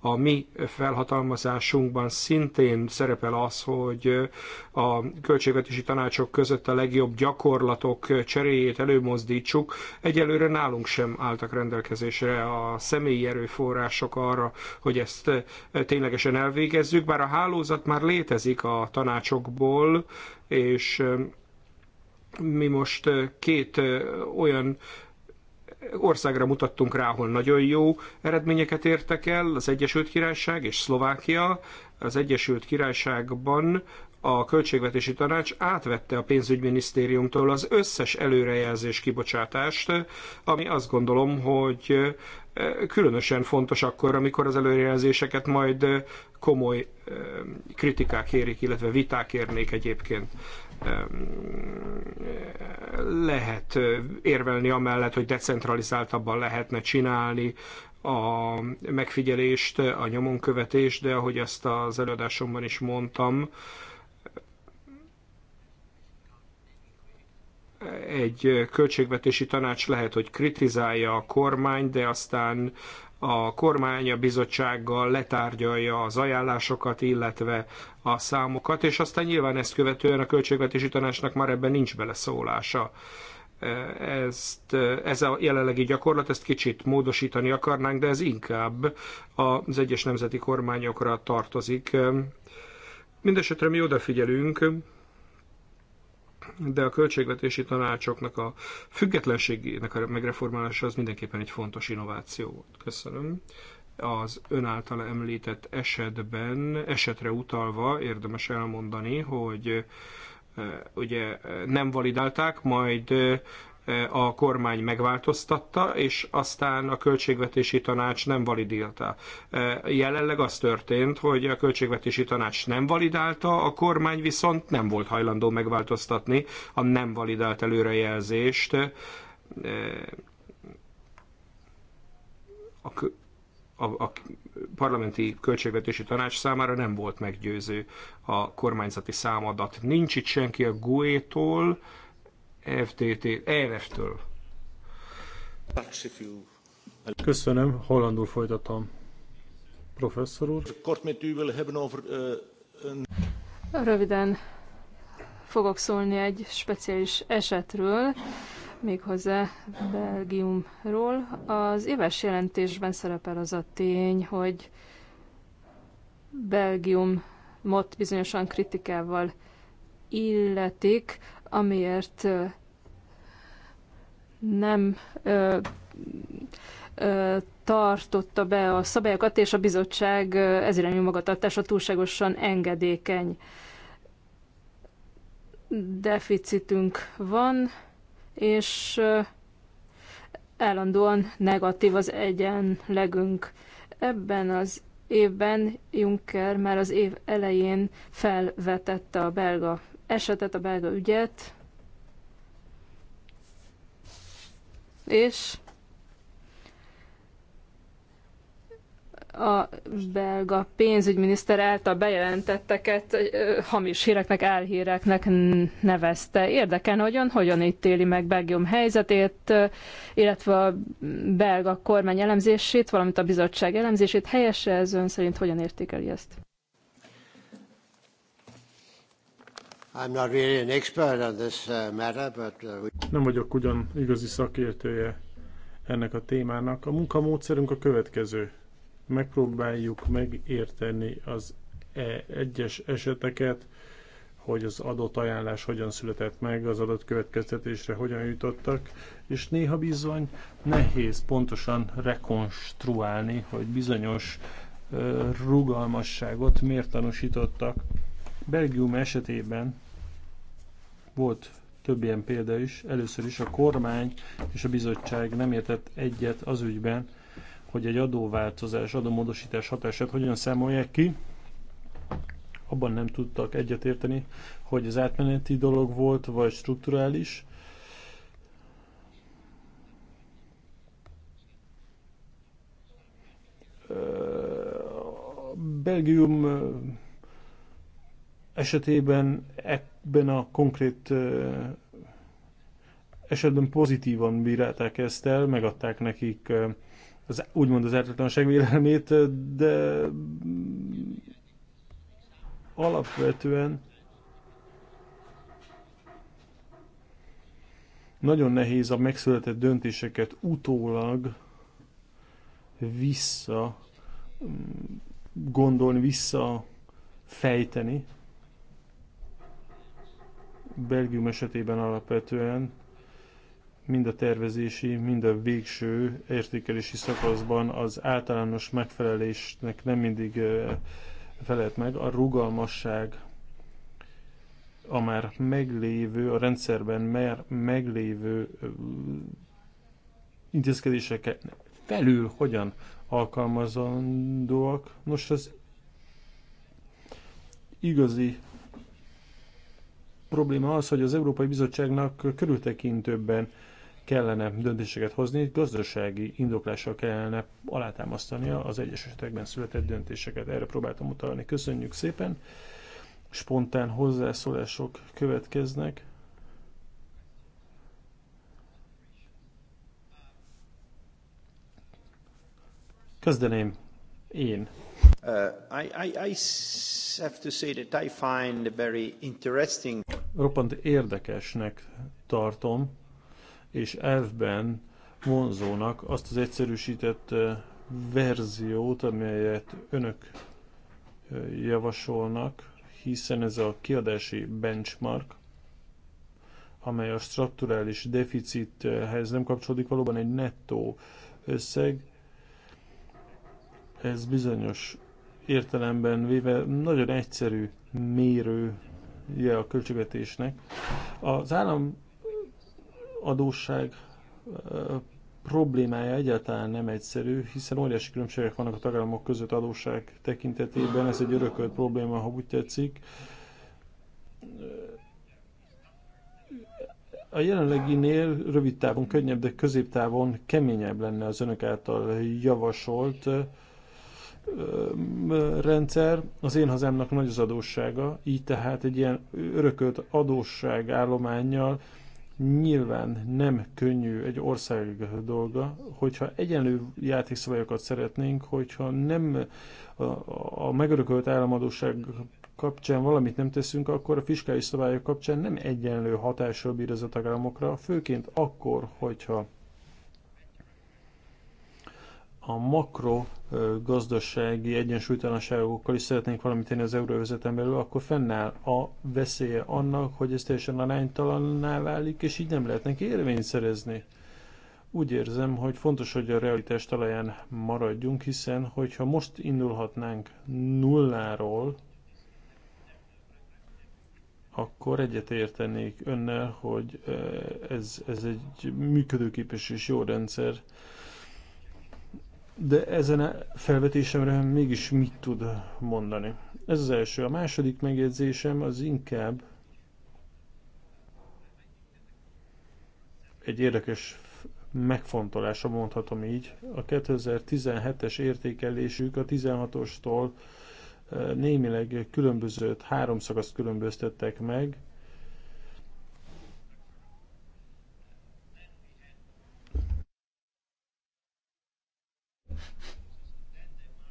A mi felhatalmazásunkban szintén szerepel az, hogy a költségvetési tanácsok között a legjobb gyakorlatok cseréjét előmozdítsuk. Egyelőre nálunk sem álltak rendelkezésre a személyi erőforrások arra, hogy ezt ténylegesen elvégezzük, bár a hálózat már létezik a tanácsokból, és mi most két olyan országra mutattunk rá, ahol nagyon jó eredményeket értek el, az Egyesült Királyság és Szlovákia. Az Egyesült Királyságban a Költségvetési Tanács átvette a pénzügyminisztériumtól az összes előrejelzés kibocsátást, ami azt gondolom, hogy eh, különösen fontos akkor, amikor az előrejelzéseket majd eh, komoly eh, kritikák érik, illetve viták érnék egyébként lehet érvelni amellett, hogy decentralizáltabban lehetne csinálni a megfigyelést, a nyomonkövetést, de ahogy ezt az előadásomban is mondtam, egy költségvetési tanács lehet, hogy kritizálja a kormány, de aztán a kormány a bizottsággal letárgyalja az ajánlásokat, illetve a számokat, és aztán nyilván ezt követően a költségvetési tanácsnak már ebben nincs beleszólása. E, ezt, e, ez a jelenlegi gyakorlat, ezt kicsit módosítani akarnánk, de ez inkább az egyes nemzeti kormányokra tartozik. Mindenesetre mi odafigyelünk, de a költségvetési tanácsoknak a függetlenségének a megreformálása az mindenképpen egy fontos innováció volt. Köszönöm. Az ön által említett esetben, esetre utalva érdemes elmondani, hogy eh, ugye eh, nem validálták, majd eh, a kormány megváltoztatta, és aztán a költségvetési tanács nem validálta. Jelenleg az történt, hogy a költségvetési tanács nem validálta, a kormány viszont nem volt hajlandó megváltoztatni a nem validált előrejelzést. A a, a parlamenti költségvetési tanács számára nem volt meggyőző a kormányzati számadat. Nincs itt senki a GUE-tól, FTT, ef től Köszönöm, hollandul folytatom. Professzor úr. Eh, Röviden fogok szólni egy speciális esetről, méghozzá Belgiumról. Az éves jelentésben szerepel az a tény, hogy Belgium mot bizonyosan kritikával illetik amiért nem tartotta be a szabályokat, és a bizottság irányú magatartása túlságosan engedékeny. Deficitünk van, és állandóan negatív az egyenlegünk. Ebben az évben Juncker már az év elején felvetette a belga esetet, a belga ügyet, és a belga pénzügyminiszter által bejelentetteket hamis híreknek, álhíreknek nevezte. Érdeken hogy ön hogyan ítéli meg Belgium helyzetét, illetve a belga kormány elemzését, valamint a bizottság elemzését. Helyese ez ön szerint hogyan értékeli ezt? Nem vagyok ugyan igazi szakértője ennek a témának. A munkamódszerünk a következő. Megpróbáljuk megérteni az e egyes eseteket, hogy az adott ajánlás hogyan született meg, az adott következtetésre hogyan jutottak, és néha bizony nehéz pontosan rekonstruálni, hogy bizonyos rugalmasságot miért tanúsítottak. Belgium esetében volt több ilyen példa is. Először is a kormány és a bizottság nem értett egyet az ügyben, hogy egy adóváltozás, adómódosítás hatását hogyan számolják ki. Abban nem tudtak egyet érteni, hogy az átmeneti dolog volt, vagy strukturális. Belgium esetében ebben a konkrét esetben pozitívan bírálták ezt el, megadták nekik az, úgymond az ártatlanság vélelmét, de alapvetően nagyon nehéz a megszületett döntéseket utólag vissza mm, gondolni, vissza fejteni. Belgium esetében alapvetően mind a tervezési, mind a végső értékelési szakaszban az általános megfelelésnek nem mindig felelt meg. A rugalmasság a már meglévő, a rendszerben már meglévő intézkedéseket felül hogyan alkalmazandóak. Nos, az igazi probléma az, hogy az Európai Bizottságnak körültekintőbben kellene döntéseket hozni, gazdasági indoklással kellene alátámasztania az egyes esetekben született döntéseket. Erre próbáltam utalni. Köszönjük szépen! Spontán hozzászólások következnek. Kezdeném én Roppant érdekesnek tartom, és elvben vonzónak azt az egyszerűsített uh, verziót, amelyet önök uh, javasolnak, hiszen ez a kiadási benchmark, amely a strukturális deficithez nem kapcsolódik, valóban egy nettó összeg, ez bizonyos értelemben véve nagyon egyszerű mérője a költségvetésnek. Az állam adósság problémája egyáltalán nem egyszerű, hiszen óriási különbségek vannak a tagállamok között adósság tekintetében, ez egy örökölt probléma, ha úgy tetszik. A jelenleginél rövid távon könnyebb, de középtávon keményebb lenne az önök által javasolt rendszer, az én hazámnak nagy az adóssága, így tehát egy ilyen örökölt adósság állományjal nyilván nem könnyű egy ország dolga, hogyha egyenlő játékszabályokat szeretnénk, hogyha nem a, a megörökölt államadóság kapcsán valamit nem teszünk, akkor a fiskális szabályok kapcsán nem egyenlő hatással bír ez a tagállamokra, főként akkor, hogyha a makro gazdasági egyensúlytalanságokkal is szeretnénk valamit tenni az euróvezeten belül, akkor fennáll a veszélye annak, hogy ez teljesen aránytalanná válik, és így nem lehet neki érvényt szerezni. Úgy érzem, hogy fontos, hogy a realitás talaján maradjunk, hiszen hogyha most indulhatnánk nulláról, akkor egyetértenék önnel, hogy ez, ez egy működőképes és jó rendszer, de ezen a felvetésemre mégis mit tud mondani. Ez az első. A második megjegyzésem az inkább egy érdekes megfontolása, mondhatom így. A 2017-es értékelésük a 16-ostól eh, némileg különbözőt, három szakaszt különböztettek meg,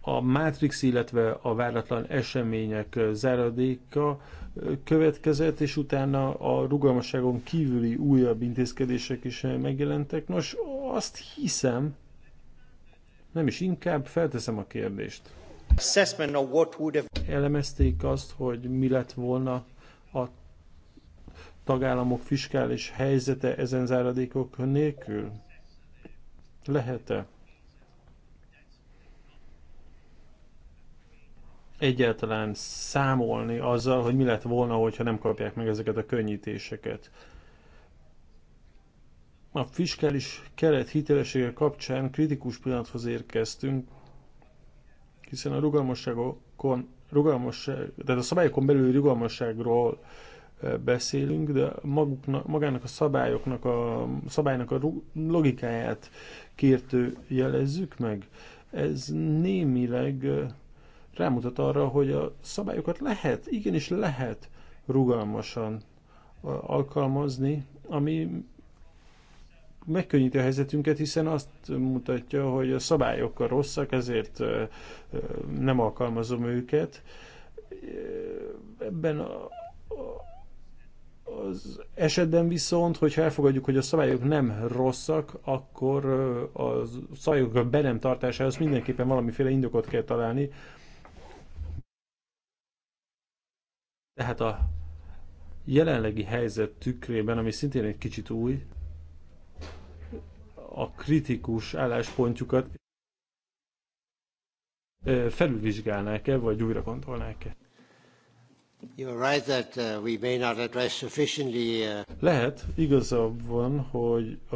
a Matrix, illetve a váratlan események záradéka következett, és utána a rugalmasságon kívüli újabb intézkedések is megjelentek. Nos, azt hiszem, nem is inkább felteszem a kérdést. Elemezték azt, hogy mi lett volna a tagállamok fiskális helyzete ezen záradékok nélkül? Lehet-e? egyáltalán számolni azzal, hogy mi lett volna, hogyha nem kapják meg ezeket a könnyítéseket. A fiskális keret hitelessége kapcsán kritikus pillanathoz érkeztünk, hiszen a rugalmasságokon, rugalmasság, tehát a szabályokon belül rugalmasságról eh, beszélünk, de maguknak, magának a szabályoknak a szabálynak a logikáját kértő jelezzük meg. Ez némileg eh, rámutat arra, hogy a szabályokat lehet, igenis lehet rugalmasan alkalmazni, ami megkönnyíti a helyzetünket, hiszen azt mutatja, hogy a szabályok a rosszak, ezért nem alkalmazom őket. Ebben a, az esetben viszont, hogyha elfogadjuk, hogy a szabályok nem rosszak, akkor a szabályok be nem tartásához mindenképpen valamiféle indokot kell találni, Tehát a jelenlegi helyzet tükrében, ami szintén egy kicsit új, a kritikus álláspontjukat felülvizsgálnák-e, vagy újra gondolnák-e? Uh, uh, Lehet, igazab van, hogy a,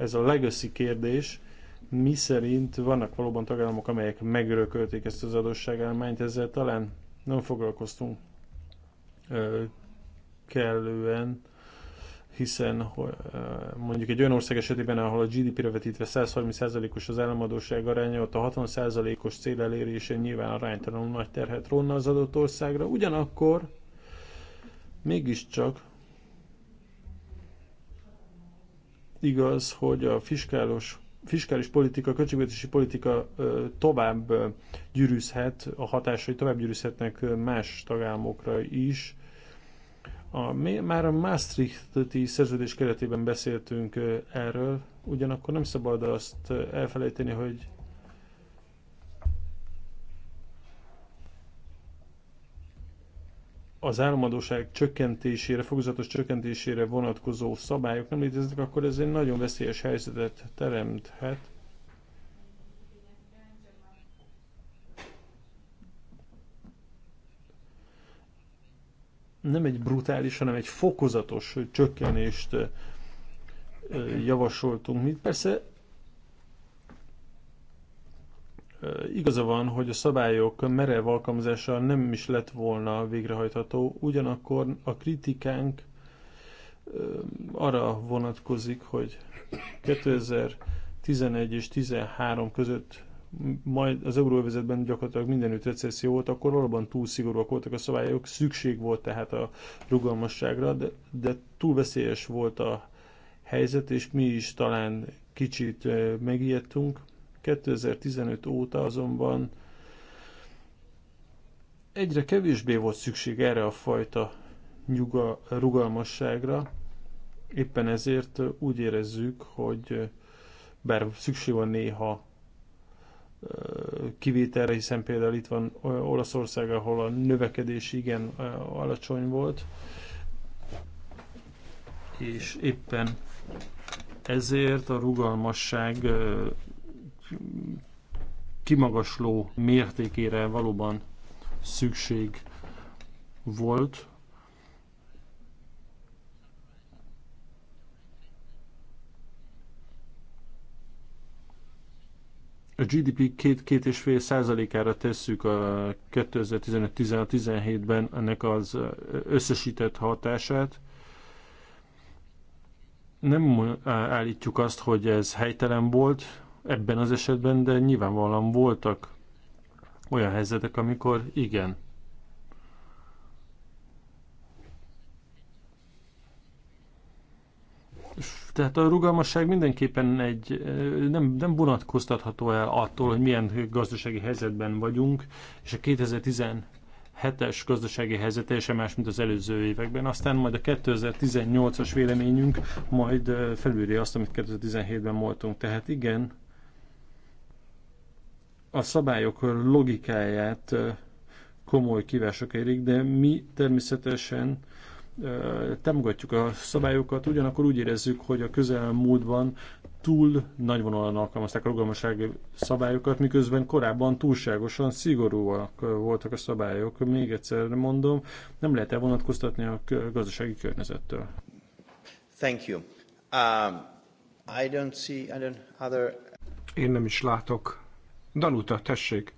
ez a legacy kérdés, mi szerint vannak valóban tagállamok, amelyek megörökölték ezt az adósságállományt, ezzel talán nem foglalkoztunk kellően, hiszen mondjuk egy olyan ország esetében, ahol a GDP-re vetítve 130%-os az államadóság aránya, ott a 60%-os cél elérése nyilván aránytalanul nagy terhet ronna az adott országra, ugyanakkor mégiscsak igaz, hogy a fiskálos fiskális politika, költségvetési politika tovább gyűrűzhet, a hatásai tovább gyűrűzhetnek más tagállamokra is. A, már a Maastrichti szerződés keretében beszéltünk erről, ugyanakkor nem szabad azt elfelejteni, hogy az államadóság csökkentésére, fokozatos csökkentésére vonatkozó szabályok nem léteznek, akkor ez egy nagyon veszélyes helyzetet teremthet. Nem egy brutális, hanem egy fokozatos csökkenést javasoltunk. Mi persze Igaza van, hogy a szabályok merev alkalmazása nem is lett volna végrehajtható, ugyanakkor a kritikánk arra vonatkozik, hogy 2011 és 13 között majd az euróvezetben gyakorlatilag mindenütt recesszió volt, akkor valóban túl szigorúak voltak a szabályok, szükség volt tehát a rugalmasságra, de, de túl veszélyes volt a helyzet, és mi is talán kicsit megijedtünk, 2015 óta azonban egyre kevésbé volt szükség erre a fajta nyuga, rugalmasságra. Éppen ezért úgy érezzük, hogy bár szükség van néha kivételre, hiszen például itt van Olaszország, ahol a növekedés igen alacsony volt, és éppen ezért a rugalmasság kimagasló mértékére valóban szükség volt. A GDP 2-2,5 százalékára tesszük a 2015-17-ben ennek az összesített hatását. Nem állítjuk azt, hogy ez helytelen volt, ebben az esetben, de nyilvánvalóan voltak olyan helyzetek, amikor igen. Tehát a rugalmasság mindenképpen egy, nem, nem vonatkoztatható el attól, hogy milyen gazdasági helyzetben vagyunk, és a 2017-es gazdasági helyzet teljesen más, mint az előző években. Aztán majd a 2018-as véleményünk majd felülri azt, amit 2017-ben voltunk. Tehát igen, a szabályok logikáját komoly kívások érik, de mi természetesen támogatjuk a szabályokat, ugyanakkor úgy érezzük, hogy a közelmúltban túl nagyvonalon alkalmazták a rugalmasági szabályokat, miközben korábban túlságosan szigorúak voltak a szabályok. Még egyszer mondom, nem lehet elvonatkoztatni a gazdasági környezettől. Thank you. Um, I don't see I don't other... Én nem is látok Danuta, tessék.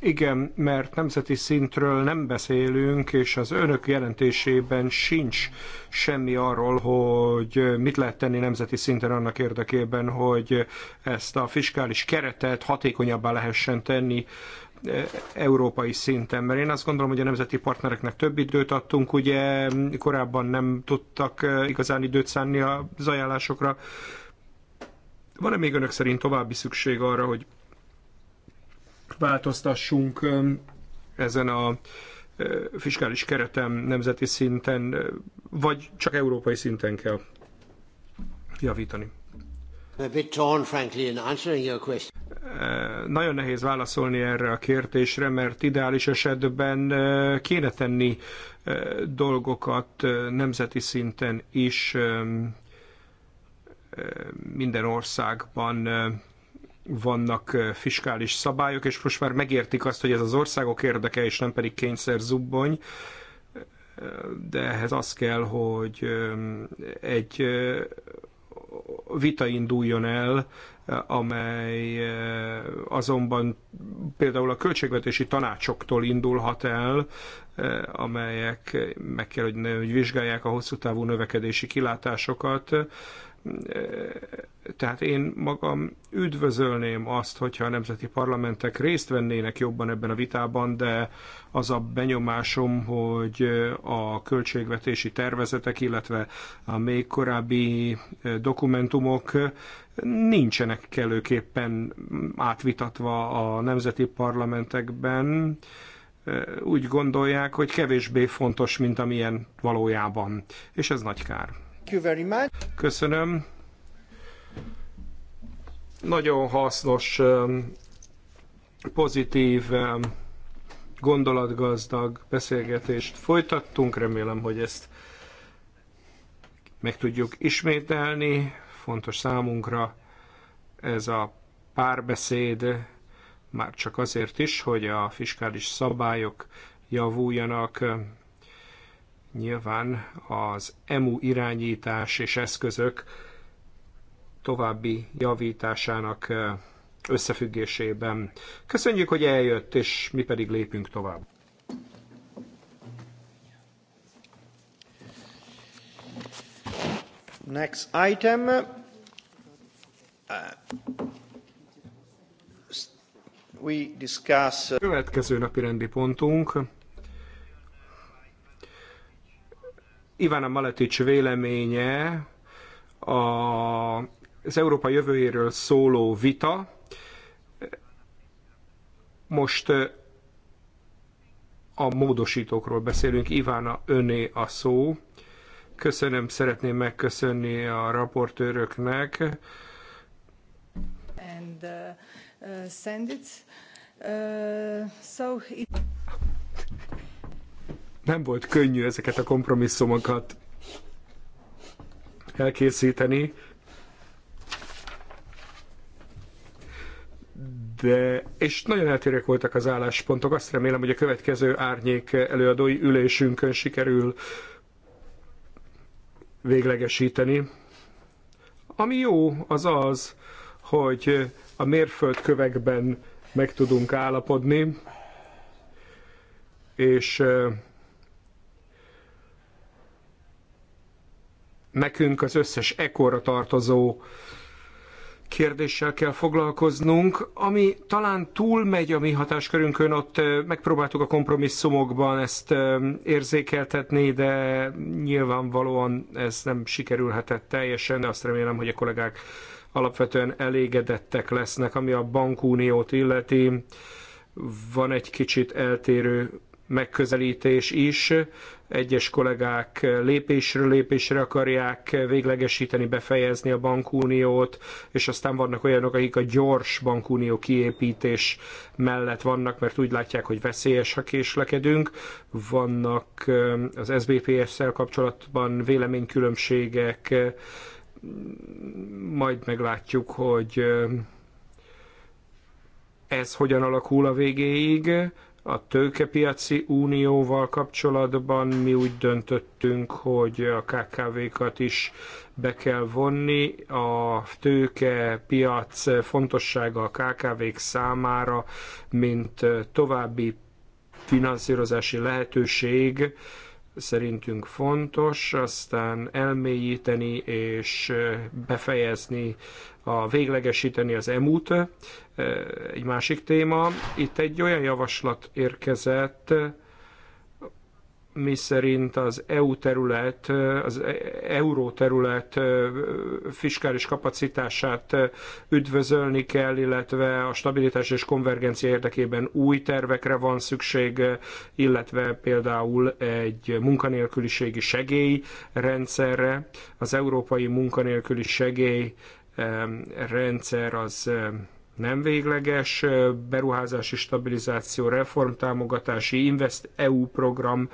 Igen, mert nemzeti szintről nem beszélünk, és az önök jelentésében sincs semmi arról, hogy mit lehet tenni nemzeti szinten annak érdekében, hogy ezt a fiskális keretet hatékonyabbá lehessen tenni eh, európai szinten, mert én azt gondolom, hogy a nemzeti partnereknek több időt adtunk, ugye korábban nem tudtak eh, igazán időt szánni az ajánlásokra, van-e még önök szerint további szükség arra, hogy változtassunk um, ezen a uh, fiskális keretem nemzeti szinten, uh, vagy csak európai szinten kell javítani? Uh, nagyon nehéz válaszolni erre a kérdésre, mert ideális esetben kéne tenni dolgokat nemzeti szinten is um, minden országban vannak fiskális szabályok, és most már megértik azt, hogy ez az országok érdeke, és nem pedig kényszer zubbony de ehhez az kell, hogy egy vita induljon el, amely azonban például a költségvetési tanácsoktól indulhat el, amelyek meg kell, hogy, vizsgálják a hosszú távú növekedési kilátásokat, tehát én magam üdvözölném azt, hogyha a nemzeti parlamentek részt vennének jobban ebben a vitában, de az a benyomásom, hogy a költségvetési tervezetek, illetve a még korábbi dokumentumok nincsenek kellőképpen átvitatva a nemzeti parlamentekben. Úgy gondolják, hogy kevésbé fontos, mint amilyen valójában. És ez nagy kár. Köszönöm. Nagyon hasznos, um, pozitív, um, gondolatgazdag beszélgetést folytattunk. Remélem, hogy ezt meg tudjuk ismételni. Fontos számunkra ez a párbeszéd már csak azért is, hogy a fiskális szabályok javuljanak, Nyilván az EMU irányítás és eszközök további javításának összefüggésében. Köszönjük, hogy eljött, és mi pedig lépünk tovább. Next item. Uh, we discuss... Uh, Következő napi rendi pontunk Ivana Maletics véleménye a, az Európa jövőjéről szóló vita. Most a módosítókról beszélünk. Ivana öné a szó. Köszönöm, szeretném megköszönni a raportőröknek. And, uh, uh, send it. Uh, so it... Nem volt könnyű ezeket a kompromisszumokat elkészíteni, de, és nagyon eltérők voltak az álláspontok. Azt remélem, hogy a következő árnyék előadói ülésünkön sikerül véglegesíteni. Ami jó, az az, hogy a mérföldkövekben meg tudunk állapodni, és nekünk az összes ekkorra tartozó kérdéssel kell foglalkoznunk, ami talán túlmegy a mi hatáskörünkön, ott megpróbáltuk a kompromisszumokban ezt érzékeltetni, de nyilvánvalóan ez nem sikerülhetett teljesen, de azt remélem, hogy a kollégák alapvetően elégedettek lesznek, ami a bankuniót illeti. Van egy kicsit eltérő megközelítés is. Egyes kollégák lépésről lépésre akarják véglegesíteni, befejezni a bankuniót, és aztán vannak olyanok, akik a gyors bankunió kiépítés mellett vannak, mert úgy látják, hogy veszélyes, ha késlekedünk. Vannak az SBPS-szel kapcsolatban véleménykülönbségek, majd meglátjuk, hogy ez hogyan alakul a végéig. A tőkepiaci unióval kapcsolatban mi úgy döntöttünk, hogy a KKV-kat is be kell vonni. A tőkepiac fontossága a KKV-k számára, mint további finanszírozási lehetőség szerintünk fontos, aztán elmélyíteni és befejezni, a véglegesíteni az emút, eh, egy másik téma. Itt egy olyan javaslat érkezett, mi szerint az EU terület, az e- euró terület fiskális kapacitását üdvözölni kell, illetve a stabilitás és konvergencia érdekében új tervekre van szükség, illetve például egy munkanélküliségi segélyrendszerre. Az európai munkanélküli segélyrendszer az nem végleges, beruházási stabilizáció, reformtámogatási, Invest EU program,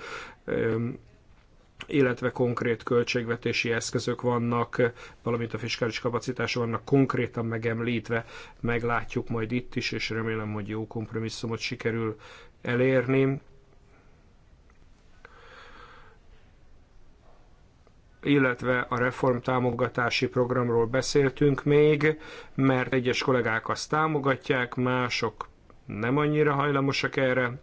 illetve konkrét költségvetési eszközök vannak, valamint a fiskális kapacitások vannak konkrétan megemlítve. Meglátjuk majd itt is, és remélem, hogy jó kompromisszumot sikerül elérni. illetve a reform támogatási programról beszéltünk még, mert egyes kollégák azt támogatják, mások nem annyira hajlamosak erre.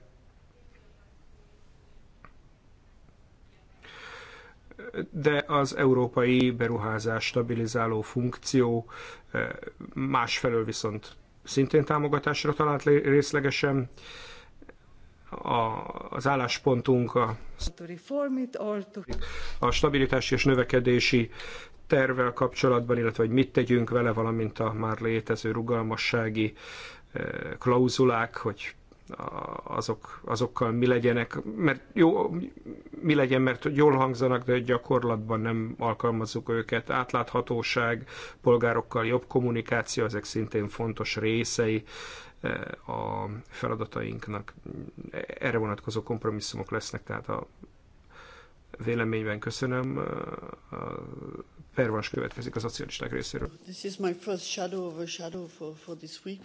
De az európai beruházás stabilizáló funkció eh, másfelől viszont szintén támogatásra talált részlegesen a, az álláspontunk a, a stabilitási és növekedési tervvel kapcsolatban, illetve hogy mit tegyünk vele, valamint a már létező rugalmassági e, klauzulák, hogy azok, azokkal mi legyenek, mert jó, mi legyen, mert jól hangzanak, de gyakorlatban nem alkalmazzuk őket. Átláthatóság, polgárokkal jobb kommunikáció, ezek szintén fontos részei a feladatainknak. Erre vonatkozó kompromisszumok lesznek, tehát a véleményben köszönöm. A pervans következik a szocialisták részéről. This is my first shadow of a shadow for, for this week.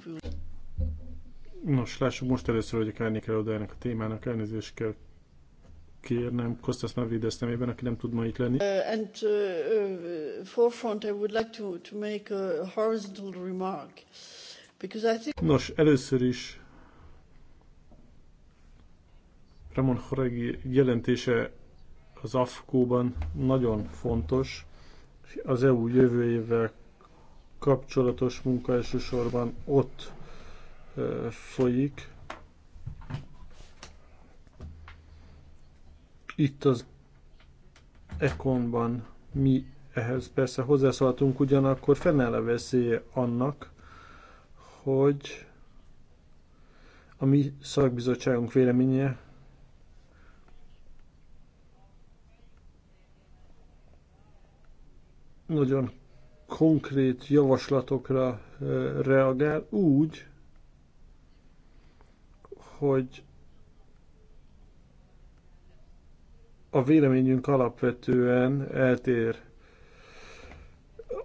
Nos, lássuk most először, hogy oda ennek a témának elnézést kell kérnem Kostas Mavrides nevében, aki nem tud ma itt lenni. Uh, and uh, uh, forefront I would like to, to make a horizontal remark. Uh, Nos, először is Ramon Horegi jelentése az AFKO-ban nagyon fontos, az EU jövőjével kapcsolatos munka elsősorban ott folyik. Itt az Econban mi ehhez persze hozzászóltunk, ugyanakkor fennáll a veszélye annak, hogy a mi szakbizottságunk véleménye nagyon konkrét javaslatokra reagál úgy, hogy a véleményünk alapvetően eltér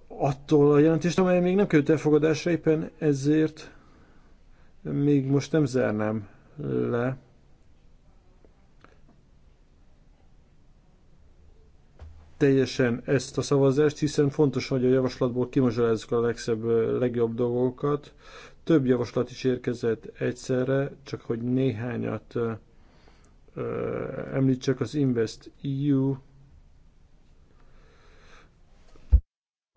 attól a jelentést, amely még nem került elfogadásra, éppen ezért még most nem zárnám le. teljesen ezt a szavazást, hiszen fontos, hogy a javaslatból kimozsolázzuk a legszebb, legjobb dolgokat. Több javaslat is érkezett egyszerre, csak hogy néhányat említsek az Invest EU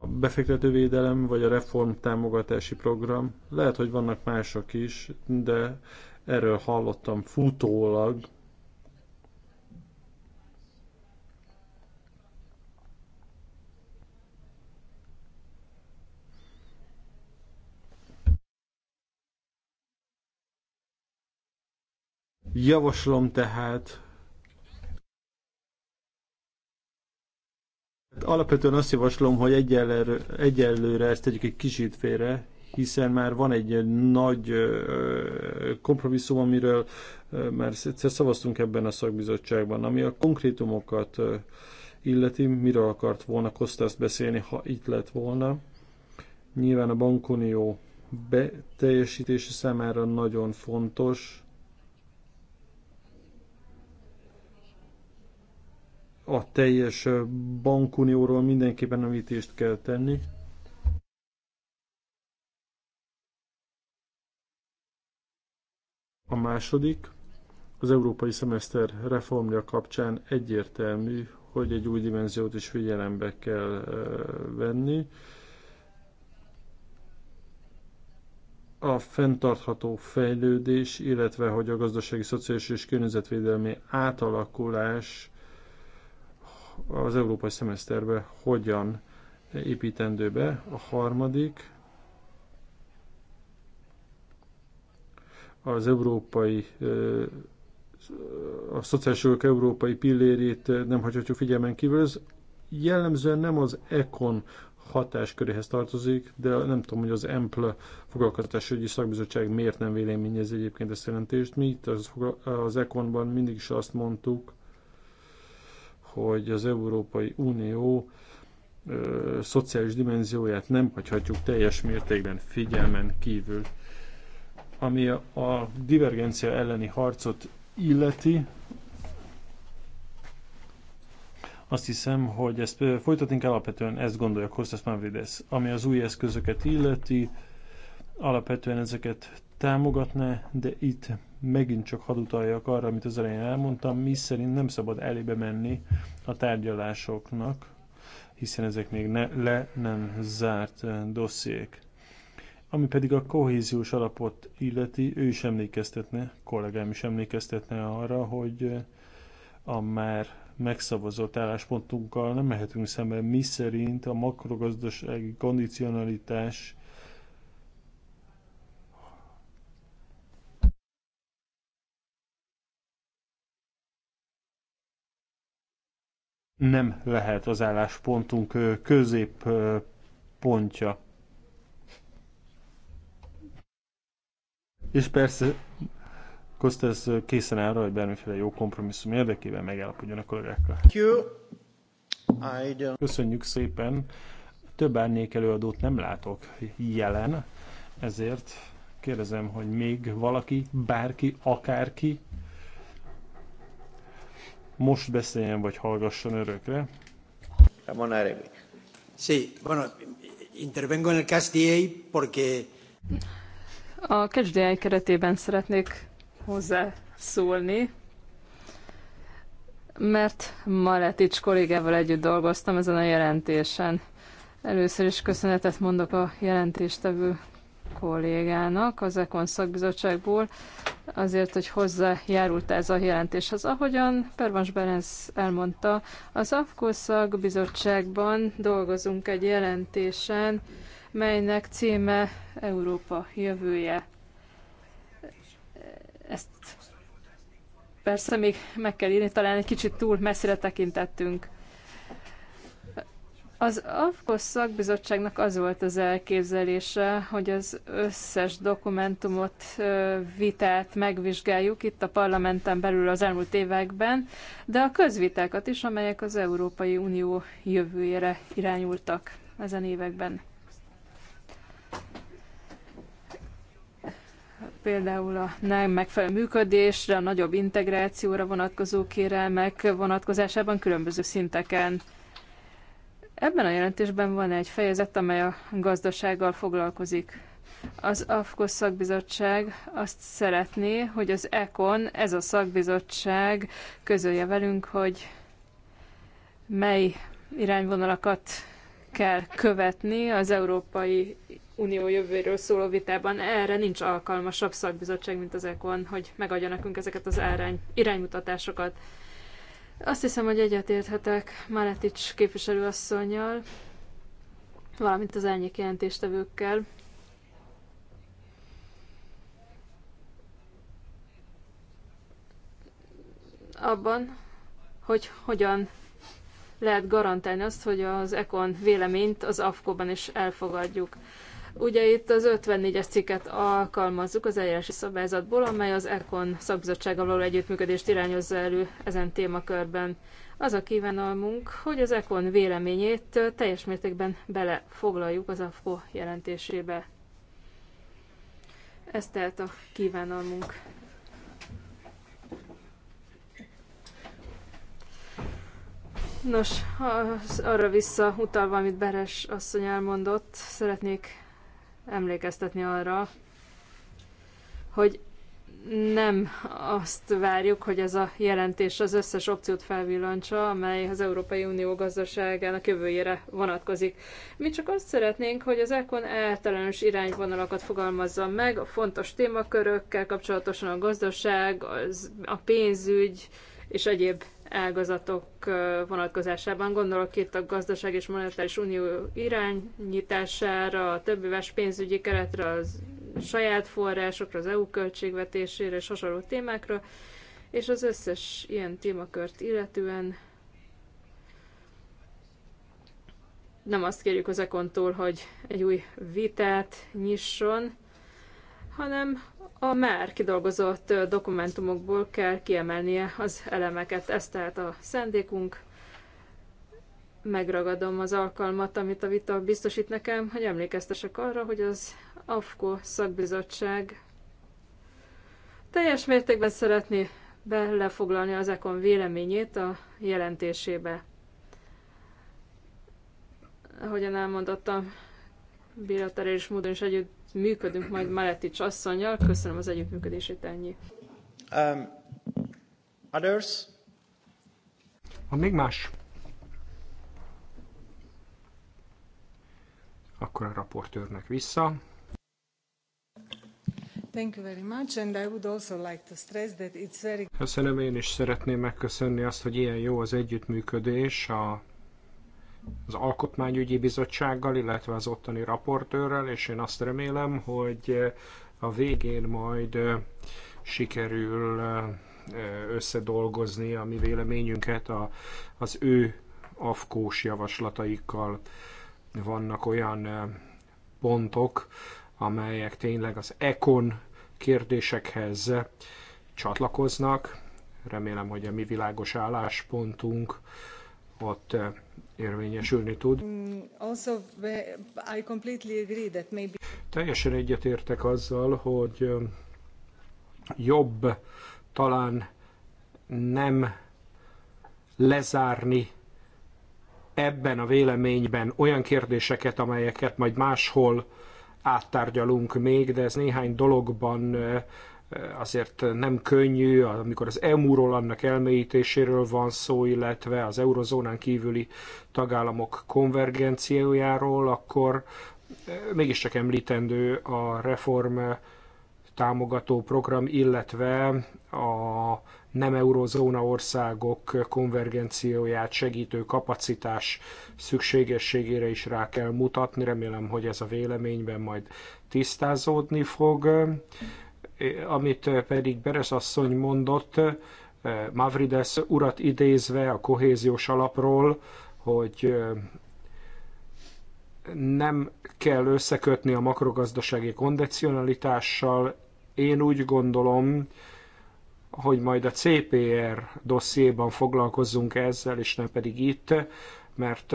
a befektetővédelem vagy a reform támogatási program. Lehet, hogy vannak mások is, de erről hallottam futólag. Javaslom tehát, Alapvetően azt javaslom, hogy egyelőre, egyelőre ezt tegyük egy kicsit félre, hiszen már van egy nagy kompromisszum, amiről már egyszer szavaztunk ebben a szakbizottságban, ami a konkrétumokat illeti, miről akart volna Kostas beszélni, ha itt lett volna. Nyilván a bankunió beteljesítése számára nagyon fontos, a teljes bankunióról mindenképpen említést kell tenni. A második, az európai szemeszter reformja kapcsán egyértelmű, hogy egy új dimenziót is figyelembe kell venni. a fenntartható fejlődés, illetve hogy a gazdasági, szociális és környezetvédelmi átalakulás az európai szemeszterbe hogyan építendő be. A harmadik az európai a szociális jogok európai pillérét nem hagyhatjuk figyelmen kívül. Ez jellemzően nem az ECON hatásköréhez tartozik, de nem tudom, hogy az EMPL foglalkoztatásügyi szakbizottság miért nem véleményez egyébként ezt jelentést. Mi itt az, az ECON-ban mindig is azt mondtuk, hogy az Európai Unió ö, szociális dimenzióját nem hagyhatjuk teljes mértékben figyelmen kívül. Ami a, a divergencia elleni harcot illeti, azt hiszem, hogy ezt folytatni kell, alapvetően ezt gondolja Kostas Mavrides. Ami az új eszközöket illeti, alapvetően ezeket támogatná, de itt megint csak hadd utaljak arra, amit az elején elmondtam, mi szerint nem szabad elébe menni a tárgyalásoknak, hiszen ezek még ne, le nem zárt eh, dossziék. Ami pedig a kohéziós alapot illeti, ő is emlékeztetne, kollégám is emlékeztetne arra, hogy eh, a már megszavazott álláspontunkkal nem mehetünk szembe, mi szerint a makrogazdasági kondicionalitás nem lehet az álláspontunk középpontja. És persze Kostas készen áll arra, hogy bármiféle jó kompromisszum érdekében megállapodjon a kollégákkal. Köszönjük szépen. Több árnyék előadót nem látok jelen, ezért kérdezem, hogy még valaki, bárki, akárki most beszéljen vagy hallgasson örökre. Ramon Arevi. Sí, bueno, intervengo en el CASDA porque... A CASDA keretében szeretnék hozzá szólni, mert Maletics kollégával együtt dolgoztam ezen a jelentésen. Először is köszönetet mondok a jelentéstevő kollégának az Ekon szakbizottságból, azért, hogy hozzájárult ez a jelentéshez. Ahogyan Pervans Berenc elmondta, az AFKOSZAG bizottságban dolgozunk egy jelentésen, melynek címe Európa jövője. Ezt persze még meg kell írni, talán egy kicsit túl messzire tekintettünk. Az AFKOS szakbizottságnak az volt az elképzelése, hogy az összes dokumentumot, vitát megvizsgáljuk itt a parlamenten belül az elmúlt években, de a közvitákat is, amelyek az Európai Unió jövőjére irányultak ezen években. például a nem megfelelő működésre, a nagyobb integrációra vonatkozó kérelmek vonatkozásában különböző szinteken Ebben a jelentésben van egy fejezet, amely a gazdasággal foglalkozik. Az AFKOS szakbizottság azt szeretné, hogy az ekon, ez a szakbizottság közölje velünk, hogy mely irányvonalakat kell követni az Európai Unió jövőről szóló vitában. Erre nincs alkalmasabb szakbizottság, mint az ekon, hogy megadja nekünk ezeket az irány, iránymutatásokat. Azt hiszem, hogy egyetérthetek Maletics képviselőasszonynal, valamint az elnyék jelentéstevőkkel. Abban, hogy hogyan lehet garantálni azt, hogy az ECON véleményt az AFKO-ban is elfogadjuk. Ugye itt az 54-es cikket alkalmazzuk az eljárási szabályzatból, amely az ECON szakbizottsággal való együttműködést irányozza elő ezen témakörben. Az a kívánalmunk, hogy az ECON véleményét teljes mértékben belefoglaljuk az AFKO jelentésébe. Ez tehát a kívánalmunk. Nos, az, arra vissza utalva, amit Beres asszony elmondott, szeretnék emlékeztetni arra, hogy nem azt várjuk, hogy ez a jelentés az összes opciót felvillantsa, amely az Európai Unió gazdaságának jövőjére vonatkozik. Mi csak azt szeretnénk, hogy az ECON eltelenős irányvonalakat fogalmazza meg, a fontos témakörökkel kapcsolatosan a gazdaság, az, a pénzügy és egyéb ágazatok vonatkozásában. Gondolok itt a gazdaság és monetáris unió irányítására, a többi pénzügyi keretre, az saját forrásokra, az EU költségvetésére és hasonló témákra, és az összes ilyen témakört illetően nem azt kérjük az Ekontól, hogy egy új vitát nyisson, hanem a már kidolgozott dokumentumokból kell kiemelnie az elemeket. Ez tehát a szendékunk. Megragadom az alkalmat, amit a vita biztosít nekem, hogy emlékeztesek arra, hogy az AFKO szakbizottság teljes mértékben szeretné belefoglalni az EKON véleményét a jelentésébe. Ahogyan elmondottam, bilaterális módon is együtt működünk majd Maletics asszonynal. Köszönöm az együttműködését ennyi. Um, others? Van még más? Akkor a raportőrnek vissza. Thank you very much, and I would also like to stress that it's very... Köszönöm, én is szeretném megköszönni azt, hogy ilyen jó az együttműködés a az Alkotmányügyi Bizottsággal, illetve az ottani raportőrrel, és én azt remélem, hogy eh, a végén majd eh, sikerül eh, összedolgozni a mi véleményünket a, az ő afkós javaslataikkal. Vannak olyan pontok, amelyek tényleg az ekon kérdésekhez csatlakoznak. Remélem, hogy a mi világos álláspontunk ott érvényesülni tud. Mm, Teljesen egyetértek azzal, hogy jobb talán nem lezárni ebben a véleményben olyan kérdéseket, amelyeket majd máshol áttárgyalunk még, de ez néhány dologban azért nem könnyű, amikor az emu ról annak elmélyítéséről van szó, illetve az eurozónán kívüli tagállamok konvergenciójáról, akkor eh, mégiscsak említendő a reform támogató program, illetve a nem eurozóna országok konvergencióját segítő kapacitás szükségességére is rá kell mutatni. Remélem, hogy ez a véleményben majd tisztázódni fog amit eh, pedig Beres asszony mondott, eh, Mavrides urat idézve a kohéziós alapról, hogy eh, nem kell összekötni a makrogazdasági kondicionalitással. Én úgy gondolom, hogy majd a CPR dossziéban foglalkozzunk ezzel, és nem pedig itt, mert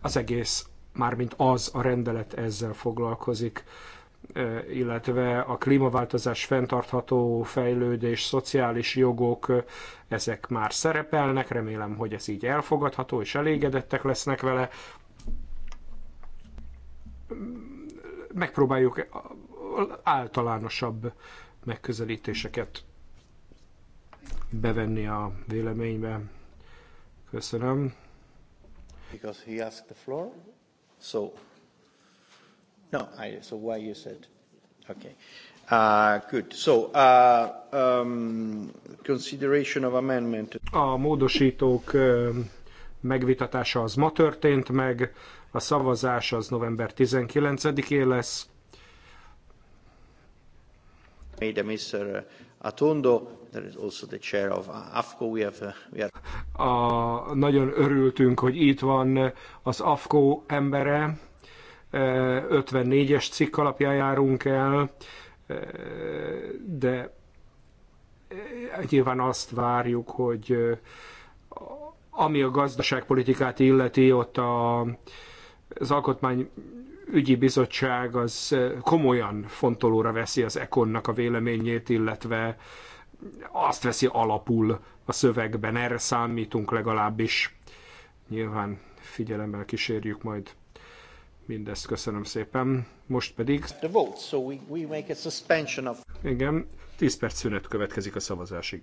az egész, mármint az a rendelet ezzel foglalkozik illetve a klímaváltozás fenntartható fejlődés, szociális jogok, ezek már szerepelnek, remélem, hogy ez így elfogadható, és elégedettek lesznek vele. Megpróbáljuk általánosabb megközelítéseket bevenni a véleménybe. Köszönöm. Because he asked the floor, so No, I, so why you said? Okay. Uh, good. So, uh, um, consideration of amendment. A módosítók um, megvitatása az ma történt meg, a szavazás az november 19-én lesz. Made a Mr. Atondo, there is also the chair of AFCO. We have, uh, we are... a, nagyon örültünk, hogy itt van az AFCO embere, 54-es cikk alapján járunk el, de nyilván azt várjuk, hogy ami a gazdaságpolitikát illeti, ott a, az alkotmány ügyi bizottság az komolyan fontolóra veszi az ekonnak a véleményét, illetve azt veszi alapul a szövegben. Erre számítunk legalábbis. Nyilván figyelemmel kísérjük majd Mindezt köszönöm szépen. Most pedig... The vote, so we, we make a suspension of... Igen, 10 perc szünet következik a szavazásig.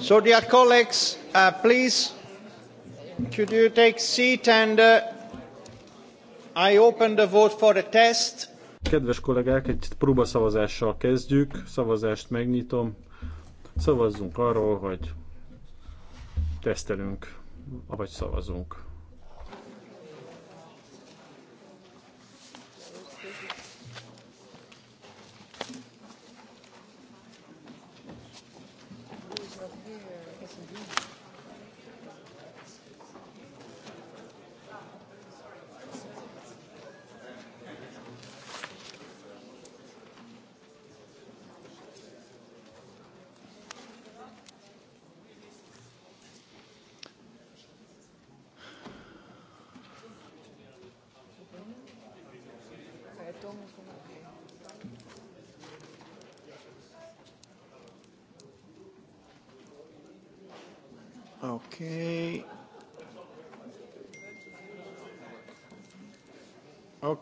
So, dear colleagues, uh, please, could you take seat and uh, I open the vote for the test. Kedves kollégák, egy próbaszavazással kezdjük, szavazást megnyitom. Szavazzunk arról, hogy tesztelünk, vagy szavazunk.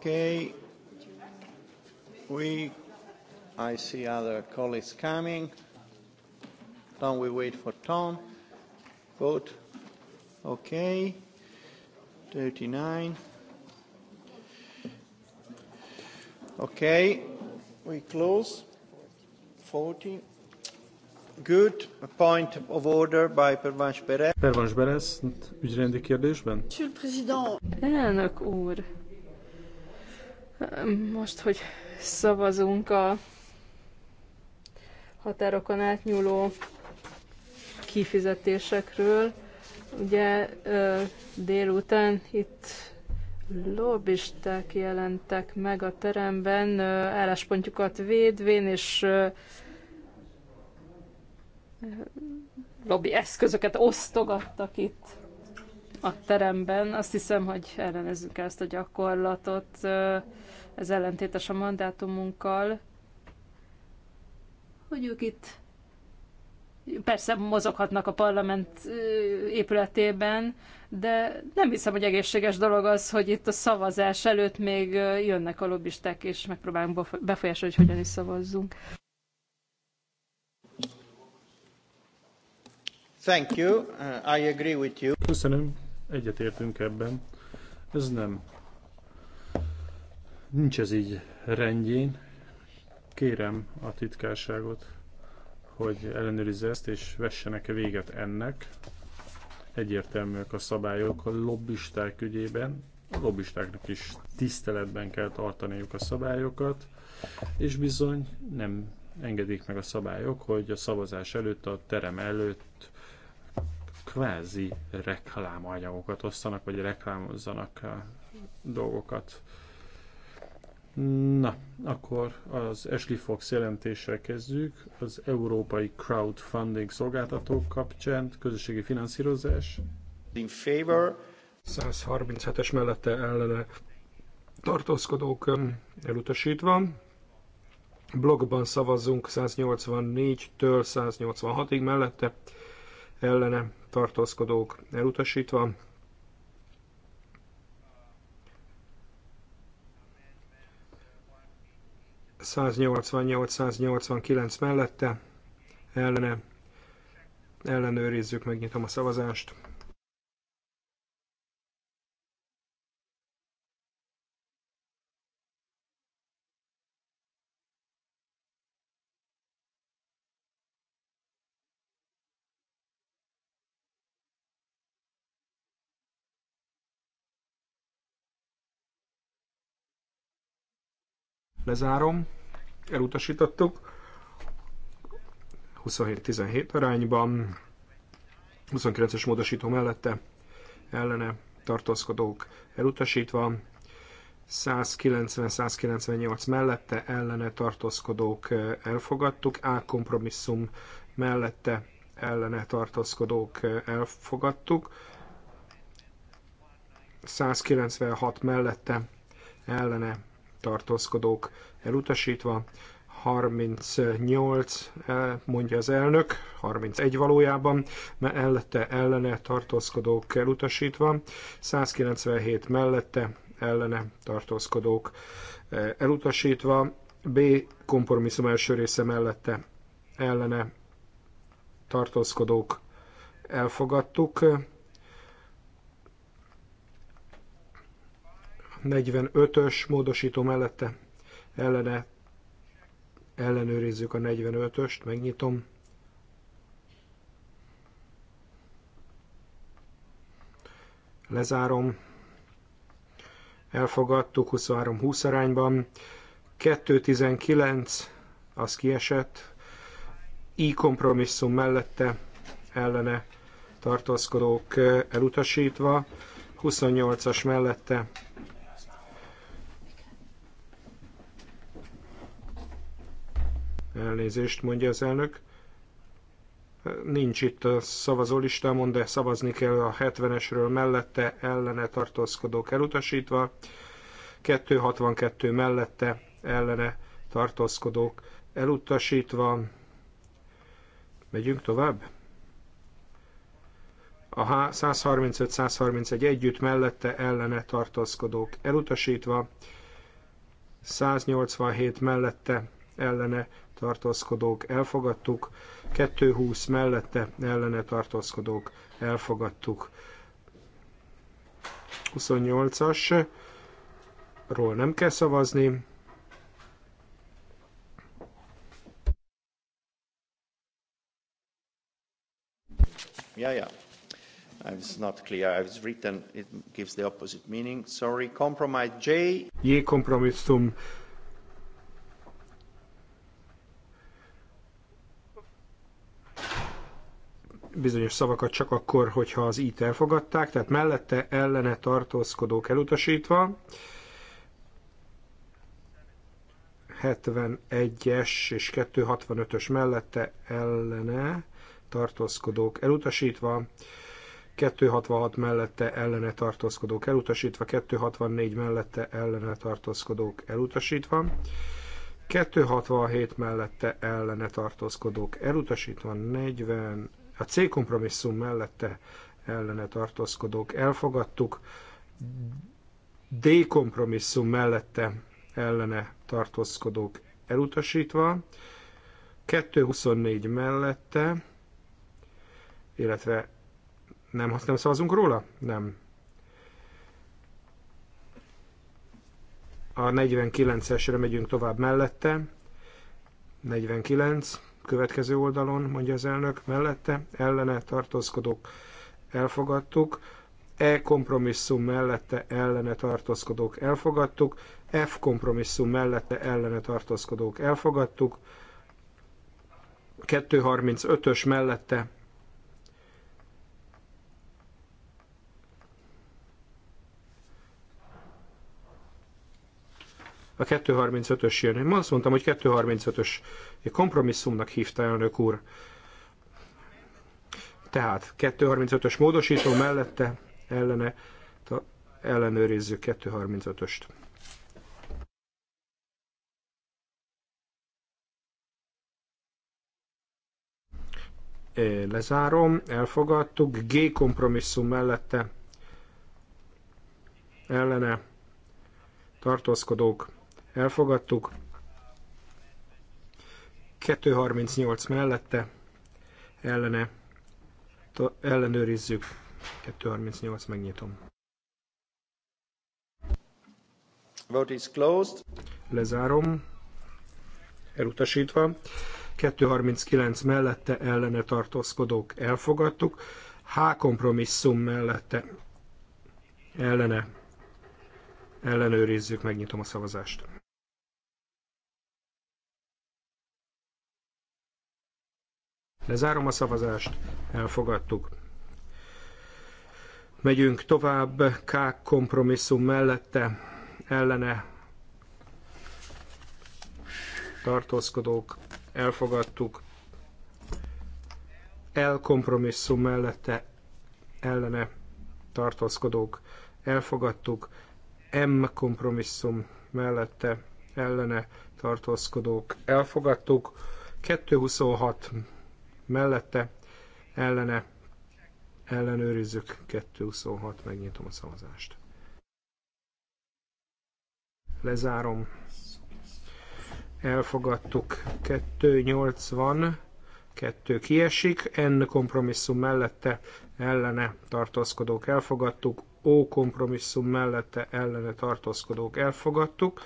Okay. We, I see other colleagues coming. Don't we wait for Tom? Vote. Okay. 39. Okay. We close. 40. Good. A point of order by Pervans Perez. Pervans Perez, ügyrendi kérdésben. Elnök úr, most, hogy szavazunk a határokon átnyúló kifizetésekről, ugye délután itt lobbisták jelentek meg a teremben, álláspontjukat védvén, és lobby eszközöket osztogattak itt a teremben. Azt hiszem, hogy ellenezzük ezt a gyakorlatot. Ez ellentétes a mandátumunkkal, hogy ők itt persze mozoghatnak a parlament épületében, de nem hiszem, hogy egészséges dolog az, hogy itt a szavazás előtt még jönnek a lobbisták, és megpróbálunk befolyásolni, hogy hogyan is szavazzunk. Thank you. Uh, I agree with you. Köszönöm. Egyetértünk ebben. Ez nem... Nincs ez így rendjén. Kérem a titkárságot, hogy ellenőrizze ezt, és vessenek -e véget ennek. Egyértelműek a szabályok a lobbisták ügyében. A lobbistáknak is tiszteletben kell tartaniuk a szabályokat, és bizony nem engedik meg a szabályok, hogy a szavazás előtt, a terem előtt kvázi reklámanyagokat osztanak, vagy reklámozzanak eh, dolgokat. Na, akkor az Ashley Fox jelentéssel kezdjük. Az európai crowdfunding szolgáltatók kapcsán közösségi finanszírozás. In favor. 137-es mellette ellene tartózkodók eh, elutasítva. Blogban szavazzunk 184-től 186-ig mellette ellene tartózkodók elutasítva. ...188-189 mellette, ellene, ellenőrizzük, megnyitom a szavazást. Lezárom. Elutasítottuk. 27-17 arányban. 29-es módosító mellette ellene tartózkodók elutasítva. 190-198 mellette ellene tartózkodók elfogadtuk, A kompromisszum mellette ellene tartózkodók elfogadtuk, 196 mellette ellene tartózkodók elutasítva. 38, eh, mondja az elnök, 31 valójában, mellette ellene tartózkodók elutasítva, 197 mellette ellene tartózkodók eh, elutasítva, B kompromisszum első része mellette ellene tartózkodók elfogadtuk, 45-ös módosító mellette ellene ellenőrizzük a 45-öst, megnyitom. Lezárom. Elfogadtuk 23-20 arányban. 2-19, az kiesett. I kompromisszum mellette ellene tartózkodók elutasítva. 28-as mellette Elnézést mondja az elnök. Nincs itt a szavazó listámon, de szavazni kell a 70-esről mellette, ellene tartózkodók elutasítva. 262 mellette, ellene tartózkodók elutasítva. Megyünk tovább. A 135-131 együtt mellette ellene tartózkodók elutasítva, 187 mellette ellene tartózkodók elfogadtuk, 220 mellette ellene tartózkodók elfogadtuk. 28-as ról nem kell szavazni. Yeah, yeah. It's not clear. I written, it gives the opposite meaning. Sorry. Compromise J. J kompromisszum bizonyos szavakat csak akkor, hogyha az IT elfogadták, tehát mellette ellene tartózkodók elutasítva. 71-es és 265-ös mellette ellene tartózkodók elutasítva, 266 mellette ellene tartózkodók elutasítva, 264 mellette ellene tartózkodók elutasítva, 267 mellette ellene tartózkodók elutasítva, 40 a C kompromisszum mellette ellene tartózkodók elfogadtuk, D kompromisszum mellette ellene tartózkodók elutasítva, 224 mellette, illetve nem, nem szavazunk róla? Nem. A 49-esre megyünk tovább mellette. 49 következő oldalon, mondja az elnök, mellette ellene tartózkodók elfogadtuk, E kompromisszum mellette ellene tartózkodók elfogadtuk, F kompromisszum mellette ellene tartózkodók elfogadtuk, 235-ös mellette a 235-ös jön. Én azt mondtam, hogy 235-ös kompromisszumnak hívta elnök úr. Tehát 235-ös módosító mellette ellene ellenőrizzük 235-öst. Lezárom, elfogadtuk. G kompromisszum mellette ellene tartózkodók elfogadtuk. 238 mellette ellene ellenőrizzük. 238 megnyitom. Vote is closed. Lezárom. Elutasítva. 239 mellette ellene tartózkodók elfogadtuk. H kompromisszum mellette ellene ellenőrizzük, megnyitom a szavazást. Lezárom a szavazást, elfogadtuk. Megyünk tovább, K kompromisszum mellette, ellene tartózkodók, elfogadtuk. L kompromisszum mellette, ellene tartózkodók, elfogadtuk. M kompromisszum mellette, ellene tartózkodók, elfogadtuk. 226 mellette, ellene, ellenőrizzük, 226, megnyitom a szavazást. Lezárom. Elfogadtuk 280, 2 kiesik, N kompromisszum mellette, ellene tartózkodók elfogadtuk, O kompromisszum mellette ellene tartózkodók elfogadtuk,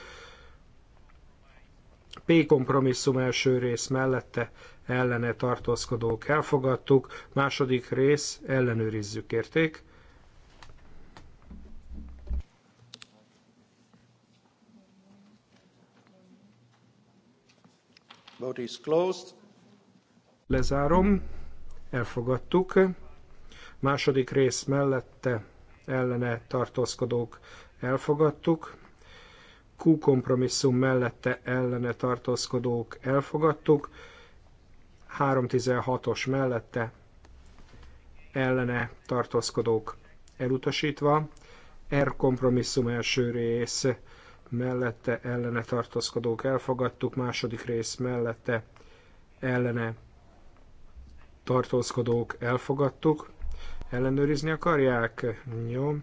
P kompromisszum első rész mellette ellene tartózkodók elfogadtuk, második rész ellenőrizzük érték Vote is closed. Lezárom, elfogadtuk. Második rész mellette ellene tartózkodók elfogadtuk. Q kompromisszum mellette ellene tartózkodók elfogadtuk, 316-os mellette ellene tartózkodók elutasítva, R kompromisszum első rész mellette ellene tartózkodók elfogadtuk, második rész mellette ellene tartózkodók elfogadtuk. Ellenőrizni akarják? Jó.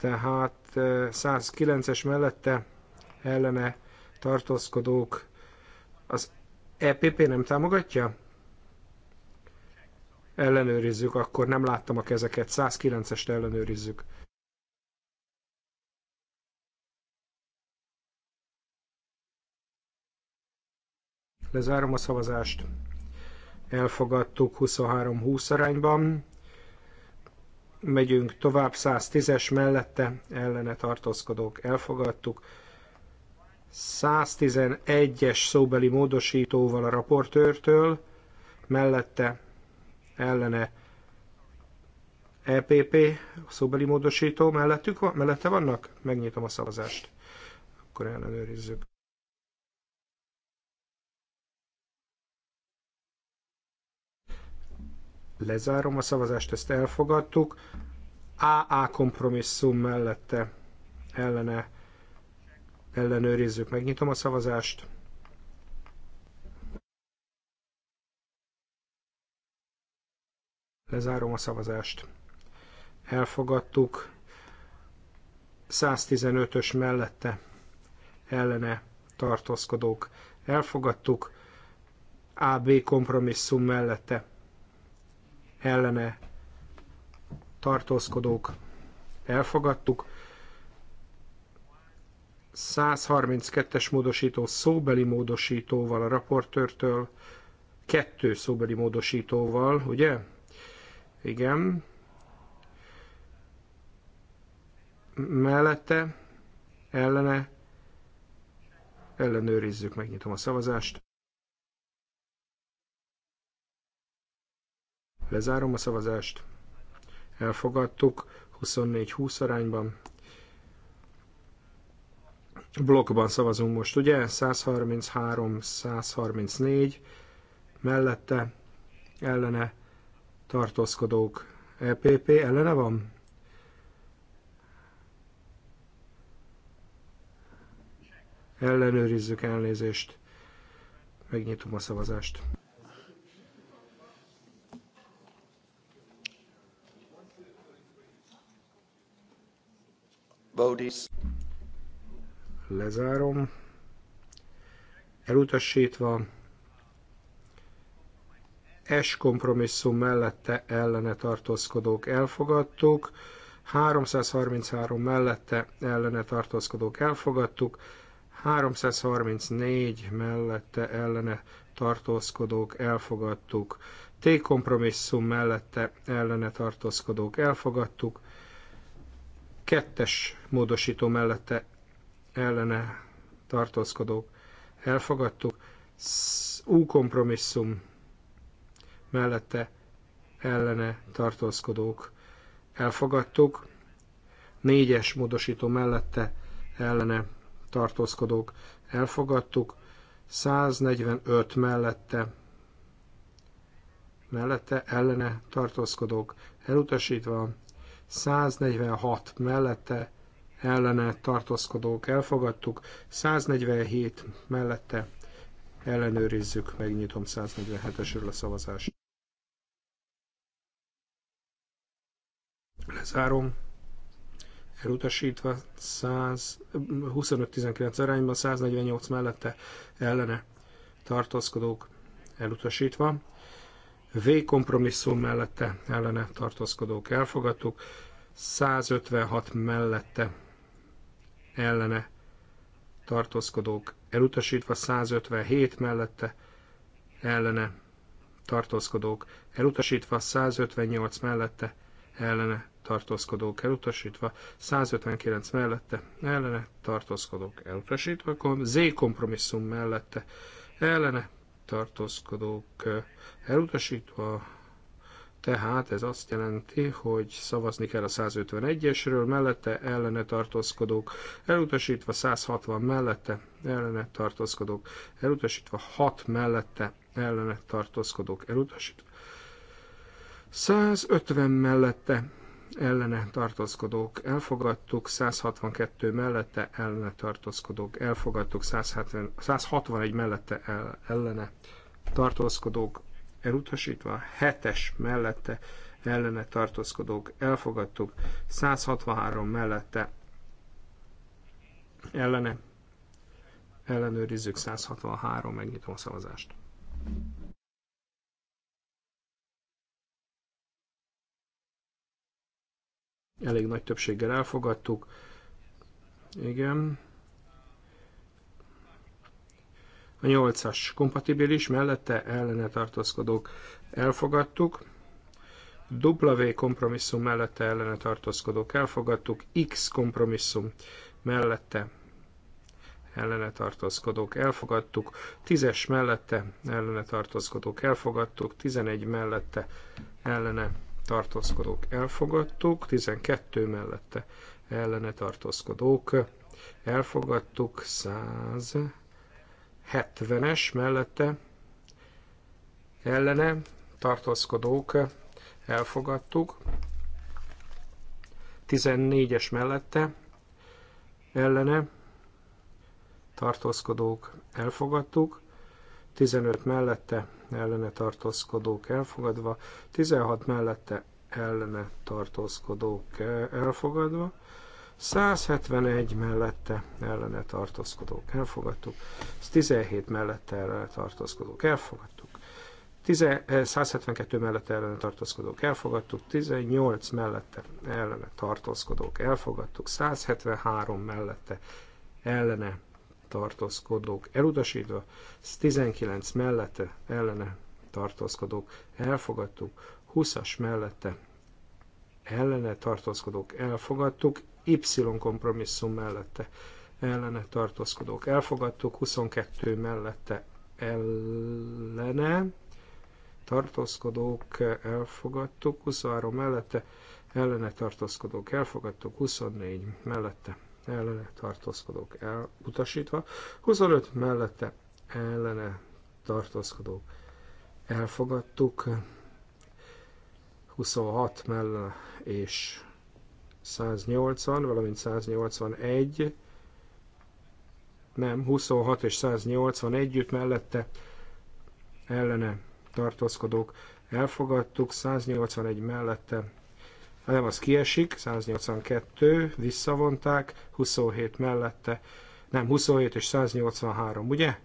Tehát 109-es mellette ellene tartózkodók az EPP nem támogatja? Ellenőrizzük, akkor nem láttam a kezeket. 109-est ellenőrizzük. Lezárom a szavazást. Elfogadtuk 23-20 arányban. Megyünk tovább 110-es mellette, ellene tartózkodók elfogadtuk. 111-es szóbeli módosítóval a raportőrtől, mellette ellene EPP, szóbeli módosító mellettük van, mellette vannak? Megnyitom a szavazást. Akkor ellenőrizzük. Lezárom a szavazást, ezt elfogadtuk. AA kompromisszum mellette ellene ellenőrizzük, megnyitom a szavazást. Lezárom a szavazást. Elfogadtuk. 115-ös mellette ellene tartózkodók. Elfogadtuk. AB kompromisszum mellette ellene tartózkodók. Elfogadtuk. 132-es módosító szóbeli módosítóval a raportőrtől, kettő szóbeli módosítóval, ugye? Igen. Mellette, ellene, ellenőrizzük, megnyitom a szavazást. Lezárom a szavazást. Elfogadtuk 24-20 arányban. Blokkban szavazunk most, ugye? 133, 134 mellette ellene tartózkodók EPP ellene van? Ellenőrizzük elnézést. Megnyitom a szavazást. Bodies. Lezárom. Elutasítva. S kompromisszum mellette ellene tartózkodók elfogadtuk. 333 mellette ellene tartózkodók elfogadtuk. 334 mellette ellene tartózkodók elfogadtuk. T kompromisszum mellette ellene tartózkodók elfogadtuk. Kettes módosító mellette ellene tartózkodók elfogadtuk, U kompromisszum mellette ellene tartózkodók elfogadtuk, négyes módosító mellette ellene tartózkodók elfogadtuk, 145 mellette mellette ellene tartózkodók elutasítva, 146 mellette ellene tartózkodók elfogadtuk, 147 mellette ellenőrizzük, megnyitom 147-esről a szavazást. Lezárom. Elutasítva 125, 19 arányban, 148 mellette ellene tartózkodók elutasítva. V kompromisszum mellette ellene tartózkodók elfogadtuk, 156 mellette ellene tartózkodók elutasítva, 157 mellette ellene tartózkodók elutasítva, 158 mellette ellene tartózkodók elutasítva, 159 mellette ellene tartózkodók elutasítva, Z kompromisszum mellette ellene tartózkodók elutasítva, tehát ez azt jelenti, hogy szavazni kell a 151-esről, mellette ellene tartózkodók, elutasítva 160 mellette ellene tartózkodók, elutasítva 6 mellette ellene tartózkodók, elutasítva 150 mellette ellene tartózkodók elfogadtuk, 162 mellette ellene tartózkodók elfogadtuk, 170, 161 mellette ellene tartózkodók elutasítva, 7-es mellette ellene tartózkodók elfogadtuk, 163 mellette ellene ellenőrizzük 163, megnyitom a szavazást. Elég nagy többséggel elfogadtuk. Igen. A 8-as kompatibilis, mellette ellene tartózkodók elfogadtuk. W kompromisszum mellette ellene tartózkodók elfogadtuk. X kompromisszum mellette ellene tartózkodók elfogadtuk, 10-es mellette ellene tartózkodók elfogadtuk, 11 mellette ellene tartózkodók elfogadtuk, 12 mellette ellene tartózkodók elfogadtuk, 100 70-es mellette ellene tartózkodók elfogadtuk. 14-es mellette ellene tartózkodók elfogadtuk. 15 mellette ellene tartózkodók elfogadva, 16 mellette ellene tartózkodók elfogadva, 171 mellette ellene tartózkodók elfogadtuk, 17 mellette ellene tartózkodók elfogadtuk, 172 eh, mellette ellene tartózkodók elfogadtuk, 18 mellette ellene tartózkodók elfogadtuk, 173 mellette ellene tartózkodók elutasítva, 19 mellette ellene tartózkodók elfogadtuk, 20-as mellette ellene tartózkodók elfogadtuk, Y kompromisszum mellette ellene tartózkodók elfogadtuk, 22 mellette ellene tartózkodók elfogadtuk, 23 mellette ellene tartózkodók elfogadtuk, 24 mellette ellene tartózkodók elutasítva, 25 mellette ellene tartózkodók elfogadtuk, 26 mellette és 180, valamint 181, nem, 26 és 180 együtt mellette ellene tartózkodók elfogadtuk, 181 mellette, nem, az kiesik, 182, visszavonták, 27 mellette, nem, 27 és 183, ugye?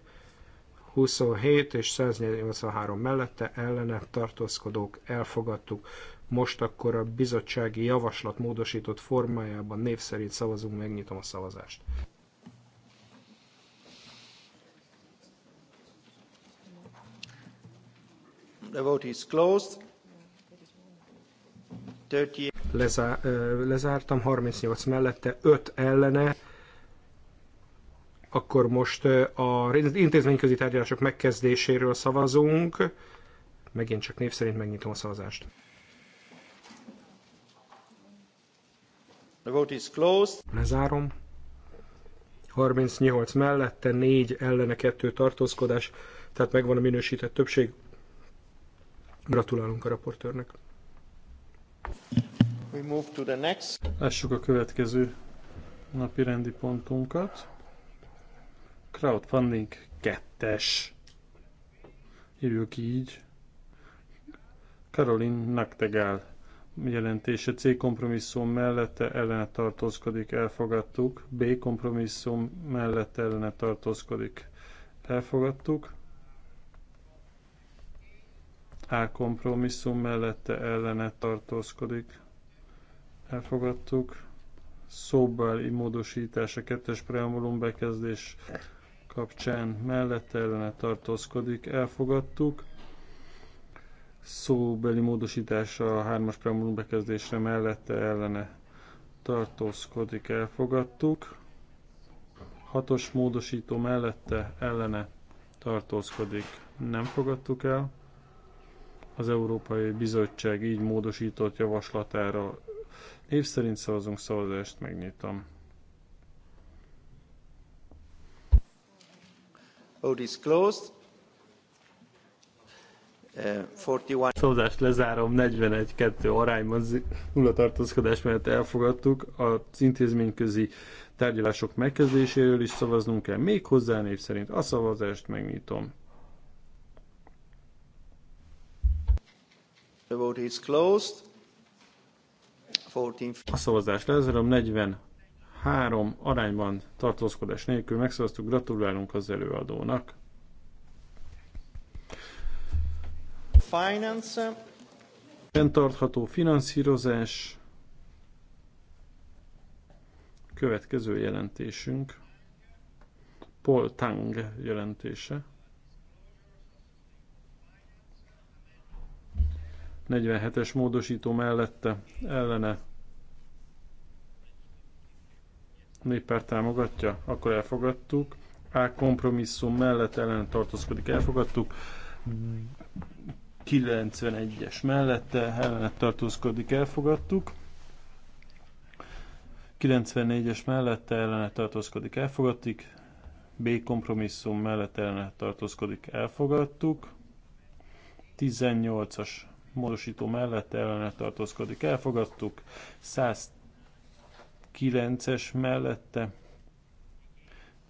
27 és 183 mellette ellene tartózkodók elfogadtuk. Most akkor a bizottsági javaslat módosított formájában név szerint szavazunk, megnyitom a szavazást. The vote is closed. 30... Lezá, lezártam, 38 mellette, 5 ellene. Akkor most a intézményközi tárgyalások megkezdéséről szavazunk. Megint csak név szerint megnyitom a szavazást. The vote is closed. Lezárom. 38 mellette, 4 ellene, 2 tartózkodás, tehát megvan a minősített többség. Gratulálunk a raportőrnek. We move to the next. Lássuk a következő napi rendi pontunkat. Crowdfunding 2-es. Írjuk így. Caroline Naktegál jelentése C kompromisszum mellette ellene tartózkodik, elfogadtuk. B kompromisszum mellette ellene tartózkodik, elfogadtuk. A kompromisszum mellette ellene tartózkodik, elfogadtuk. Szóbeli módosítás a kettes preambulum bekezdés kapcsán mellette ellene tartózkodik, elfogadtuk szóbeli módosítása a hármas preambulum bekezdésre mellette ellene tartózkodik, elfogadtuk. Hatos módosító mellette ellene tartózkodik, nem fogadtuk el. Az Európai Bizottság így módosított javaslatára név szerint szavazunk szavazást, megnyitom. Vote is closed. 41... Szavazást lezárom, 41-2 arányban nulla tartózkodás mellett elfogadtuk. Az intézményközi tárgyalások megkezdéséről is szavaznunk kell, még hozzá név szerint a szavazást megnyitom. The vote is closed. 14... A szavazást lezárom, 43 arányban tartózkodás nélkül megszavaztuk, gratulálunk az előadónak. finance. Fentartható finanszírozás. Következő jelentésünk. Paul Tang jelentése. 47-es módosító mellette ellene néppárt támogatja, akkor elfogadtuk. A kompromisszum mellett ellen tartózkodik, elfogadtuk. 91-es mellette ellenet tartózkodik, elfogadtuk. 94-es mellette ellenet tartózkodik, elfogadtuk. B kompromisszum mellette ellenet tartózkodik, elfogadtuk. 18-as módosító mellette ellenet tartózkodik, elfogadtuk. 109-es mellette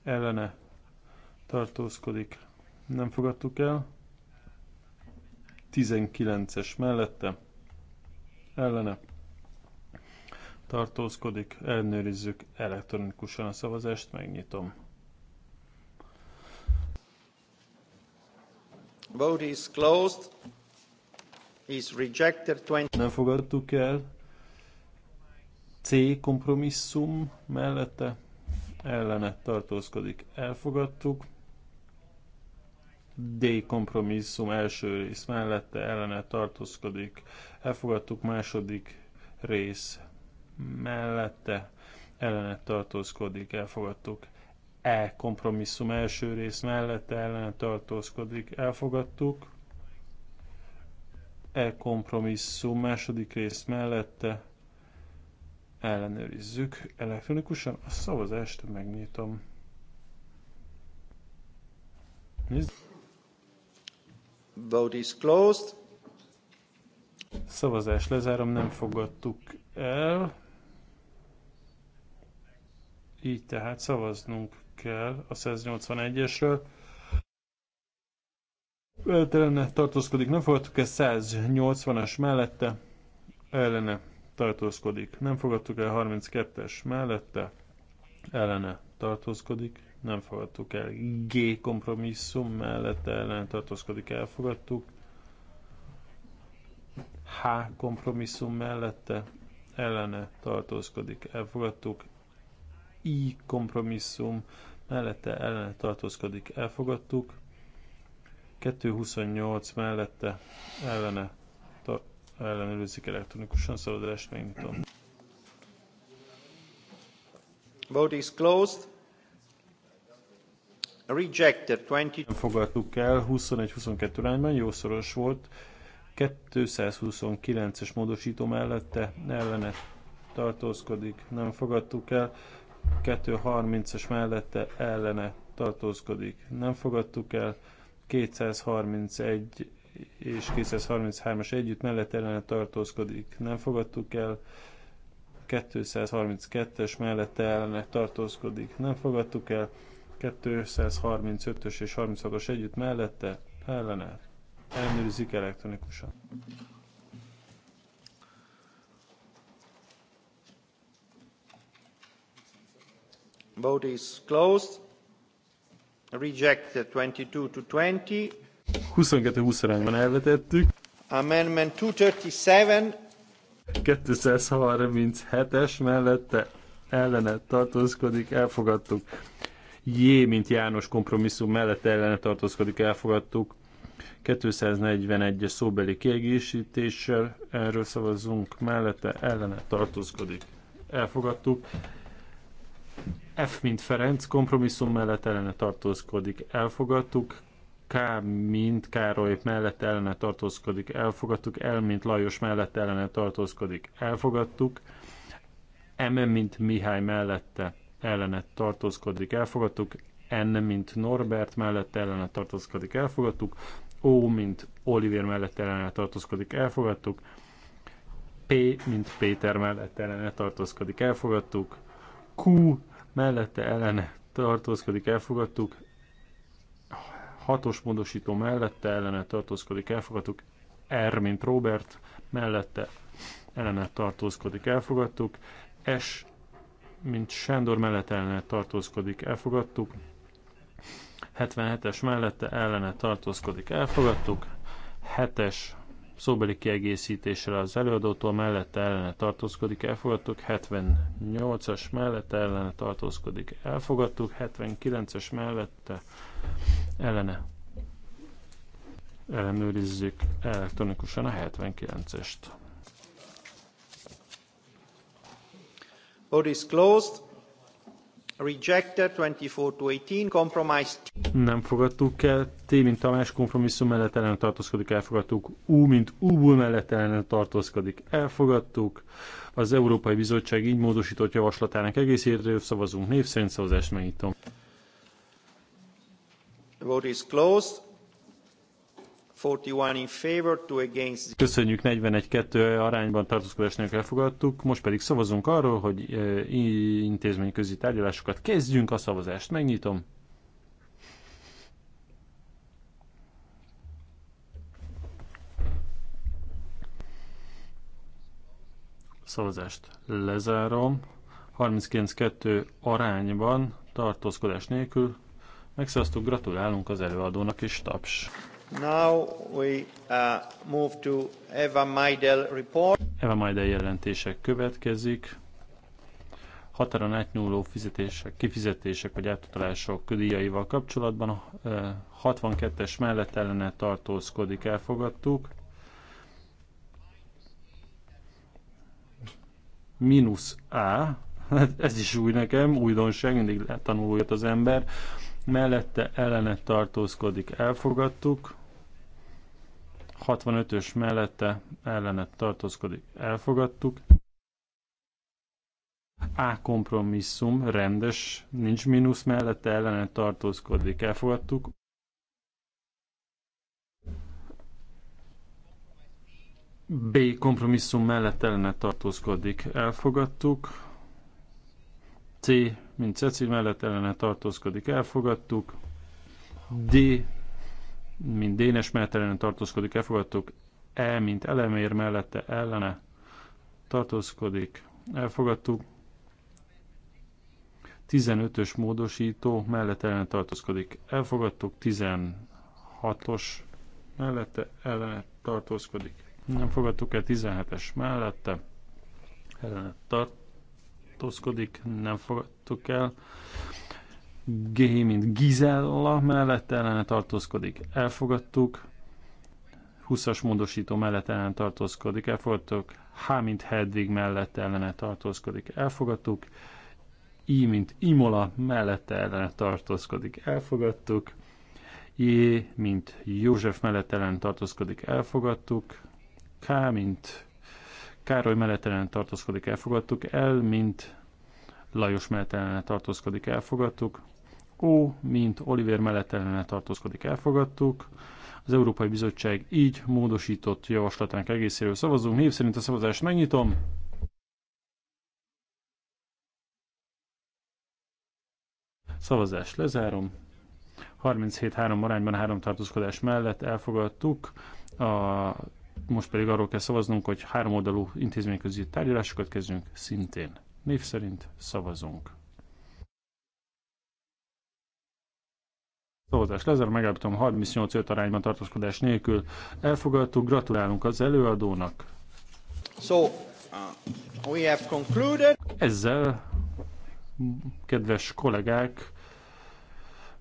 ellene tartózkodik, nem fogadtuk el. 19-es mellette ellene tartózkodik, ellenőrizzük elektronikusan a szavazást, megnyitom. Vote is closed. Is rejected 20. Nem fogadtuk el. C kompromisszum mellette ellene tartózkodik. Elfogadtuk. D kompromisszum első rész mellette ellene tartózkodik. Elfogadtuk második rész mellette ellene tartózkodik. Elfogadtuk E kompromisszum első rész mellette ellene tartózkodik. Elfogadtuk. E kompromisszum második rész mellette ellenőrizzük elektronikusan. A szavazást megnyitom. Nézd. Vote is closed. Szavazás lezárom, nem fogadtuk el. Így tehát szavaznunk kell a 181-esről. Ellene tartózkodik, nem fogadtuk el 180-as mellette. Ellene tartózkodik, nem fogadtuk el 32-es mellette. Ellene tartózkodik, nem fogadtuk el. G kompromisszum mellette ellen tartózkodik, elfogadtuk. H kompromisszum mellette ellene tartózkodik, elfogadtuk. I kompromisszum mellette ellene tartózkodik, elfogadtuk. 228 mellette ellene ta, ellenőrizik elektronikusan, szabadulást megnyitom. Vote is closed. Rejected 20. Nem fogadtuk el, 21-22 lányban, szoros volt. 229-es módosító mellette ellene tartózkodik, nem fogadtuk el. 230-es mellette ellene tartózkodik, nem fogadtuk el. 231 és 233-as együtt mellett ellene tartózkodik, nem fogadtuk el. 232-es mellette ellene tartózkodik, nem fogadtuk el. 235-ös és 36-os együtt mellette ellene ellenőrizik elektronikusan. Vote is closed. Rejected 22 to 20. 22-20 elvetettük. Amendment 237. 237-es mellette ellene tartózkodik, elfogadtuk. J, mint János kompromisszum mellett ellene tartózkodik, elfogadtuk. 241-es szóbeli kiegészítéssel, erről szavazzunk, mellette ellene tartózkodik, elfogadtuk. F, mint Ferenc, kompromisszum mellett ellene tartózkodik, elfogadtuk. K, mint Károly mellett ellene tartózkodik, elfogadtuk. L, mint Lajos mellett ellene tartózkodik, elfogadtuk. M, mint Mihály mellette ellene tartózkodik, elfogadtuk. N, mint Norbert mellett ellene tartózkodik, elfogadtuk. O, mint Oliver mellett ellene tartózkodik, elfogadtuk. P, mint Péter mellett ellene tartózkodik, elfogadtuk. Q, mellette ellene tartózkodik, elfogadtuk. Hatos módosító mellette ellene tartózkodik, elfogadtuk. R, mint Robert, mellette ellene tartózkodik, elfogadtuk. S, mint Sándor mellett ellene tartózkodik, elfogadtuk. 77-es mellette ellene tartózkodik, elfogadtuk. 7-es szóbeli kiegészítésre az előadótól mellette ellene tartózkodik, elfogadtuk, 78-as mellette ellene tartózkodik, elfogadtuk, 79-es mellette ellene ellenőrizzük elektronikusan a 79-est. Vote is closed. Rejected 24 18. Compromise. Nem fogadtuk el. T, mint Tamás kompromisszum mellett ellen tartózkodik, elfogadtuk. U, mint U-ból mellett ellen tartózkodik, elfogadtuk. Az Európai Bizottság így módosított javaslatának egészéről szavazunk. Név szerint szavazást megnyitom. Vote is closed. Köszönjük 41-2 arányban tartózkodás nélkül elfogadtuk, most pedig szavazunk arról, hogy e, intézményközi tárgyalásokat kezdjünk, a szavazást megnyitom. Szavazást lezárom. 39-2 arányban tartózkodás nélkül megszavaztuk, gratulálunk az előadónak és taps. Now we uh, move to Eva Maidel report. Eva jelentések következik. Határon átnyúló fizetések, kifizetések vagy átutalások díjaival kapcsolatban 62-es uh, mellett ellene tartózkodik, elfogadtuk. Minusz A, hát ez is új nekem, újdonság, mindig tanulja az ember. Mellette ellene tartózkodik, elfogadtuk. 65-ös mellette ellenet tartózkodik. Elfogadtuk. A kompromisszum, rendes, nincs mínusz mellette ellenet tartózkodik. Elfogadtuk. B kompromisszum mellett ellenet tartózkodik. Elfogadtuk. C, mint Cecil mellett ellene tartózkodik. Elfogadtuk. D mint Dénes mellett ellene tartózkodik, elfogadtuk. E, mint elemér mellette ellene tartózkodik, elfogadtuk. 15-ös módosító mellett ellen tartózkodik, elfogadtuk. 16-os mellette ellen tartózkodik, nem fogadtuk el. 17-es mellette ellen tartózkodik, nem fogadtuk el. G, mint Gizella mellett ellene tartózkodik. Elfogadtuk. 20-as módosító mellett ellen tartózkodik. Elfogadtuk. H, mint Hedvig mellett ellene tartózkodik. Elfogadtuk. I, mint Imola mellette ellene tartózkodik. Elfogadtuk. J, mint József mellett ellen tartózkodik. Elfogadtuk. K, mint Károly mellett ellen tartózkodik. Elfogadtuk. L, mint Lajos mellett ellene tartózkodik. Elfogadtuk. O, mint Oliver mellett ellene tartózkodik, elfogadtuk. Az Európai Bizottság így módosított javaslatának egészéről szavazunk. Név szerint a szavazást megnyitom. Szavazást lezárom. 37-3 arányban három tartózkodás mellett elfogadtuk. A, most pedig arról kell szavaznunk, hogy három oldalú intézményközi tárgyalásokat kezdjünk szintén. Név szerint szavazunk. Szavazás lezer, megállapítom 38-5 arányban tartózkodás nélkül. Elfogadtuk, gratulálunk az előadónak. So, uh, we have concluded. Ezzel, kedves kollégák,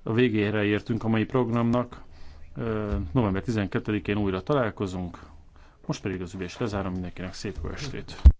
a végére értünk a mai programnak. November 12-én újra találkozunk. Most pedig az üvés lezárom mindenkinek szép estét.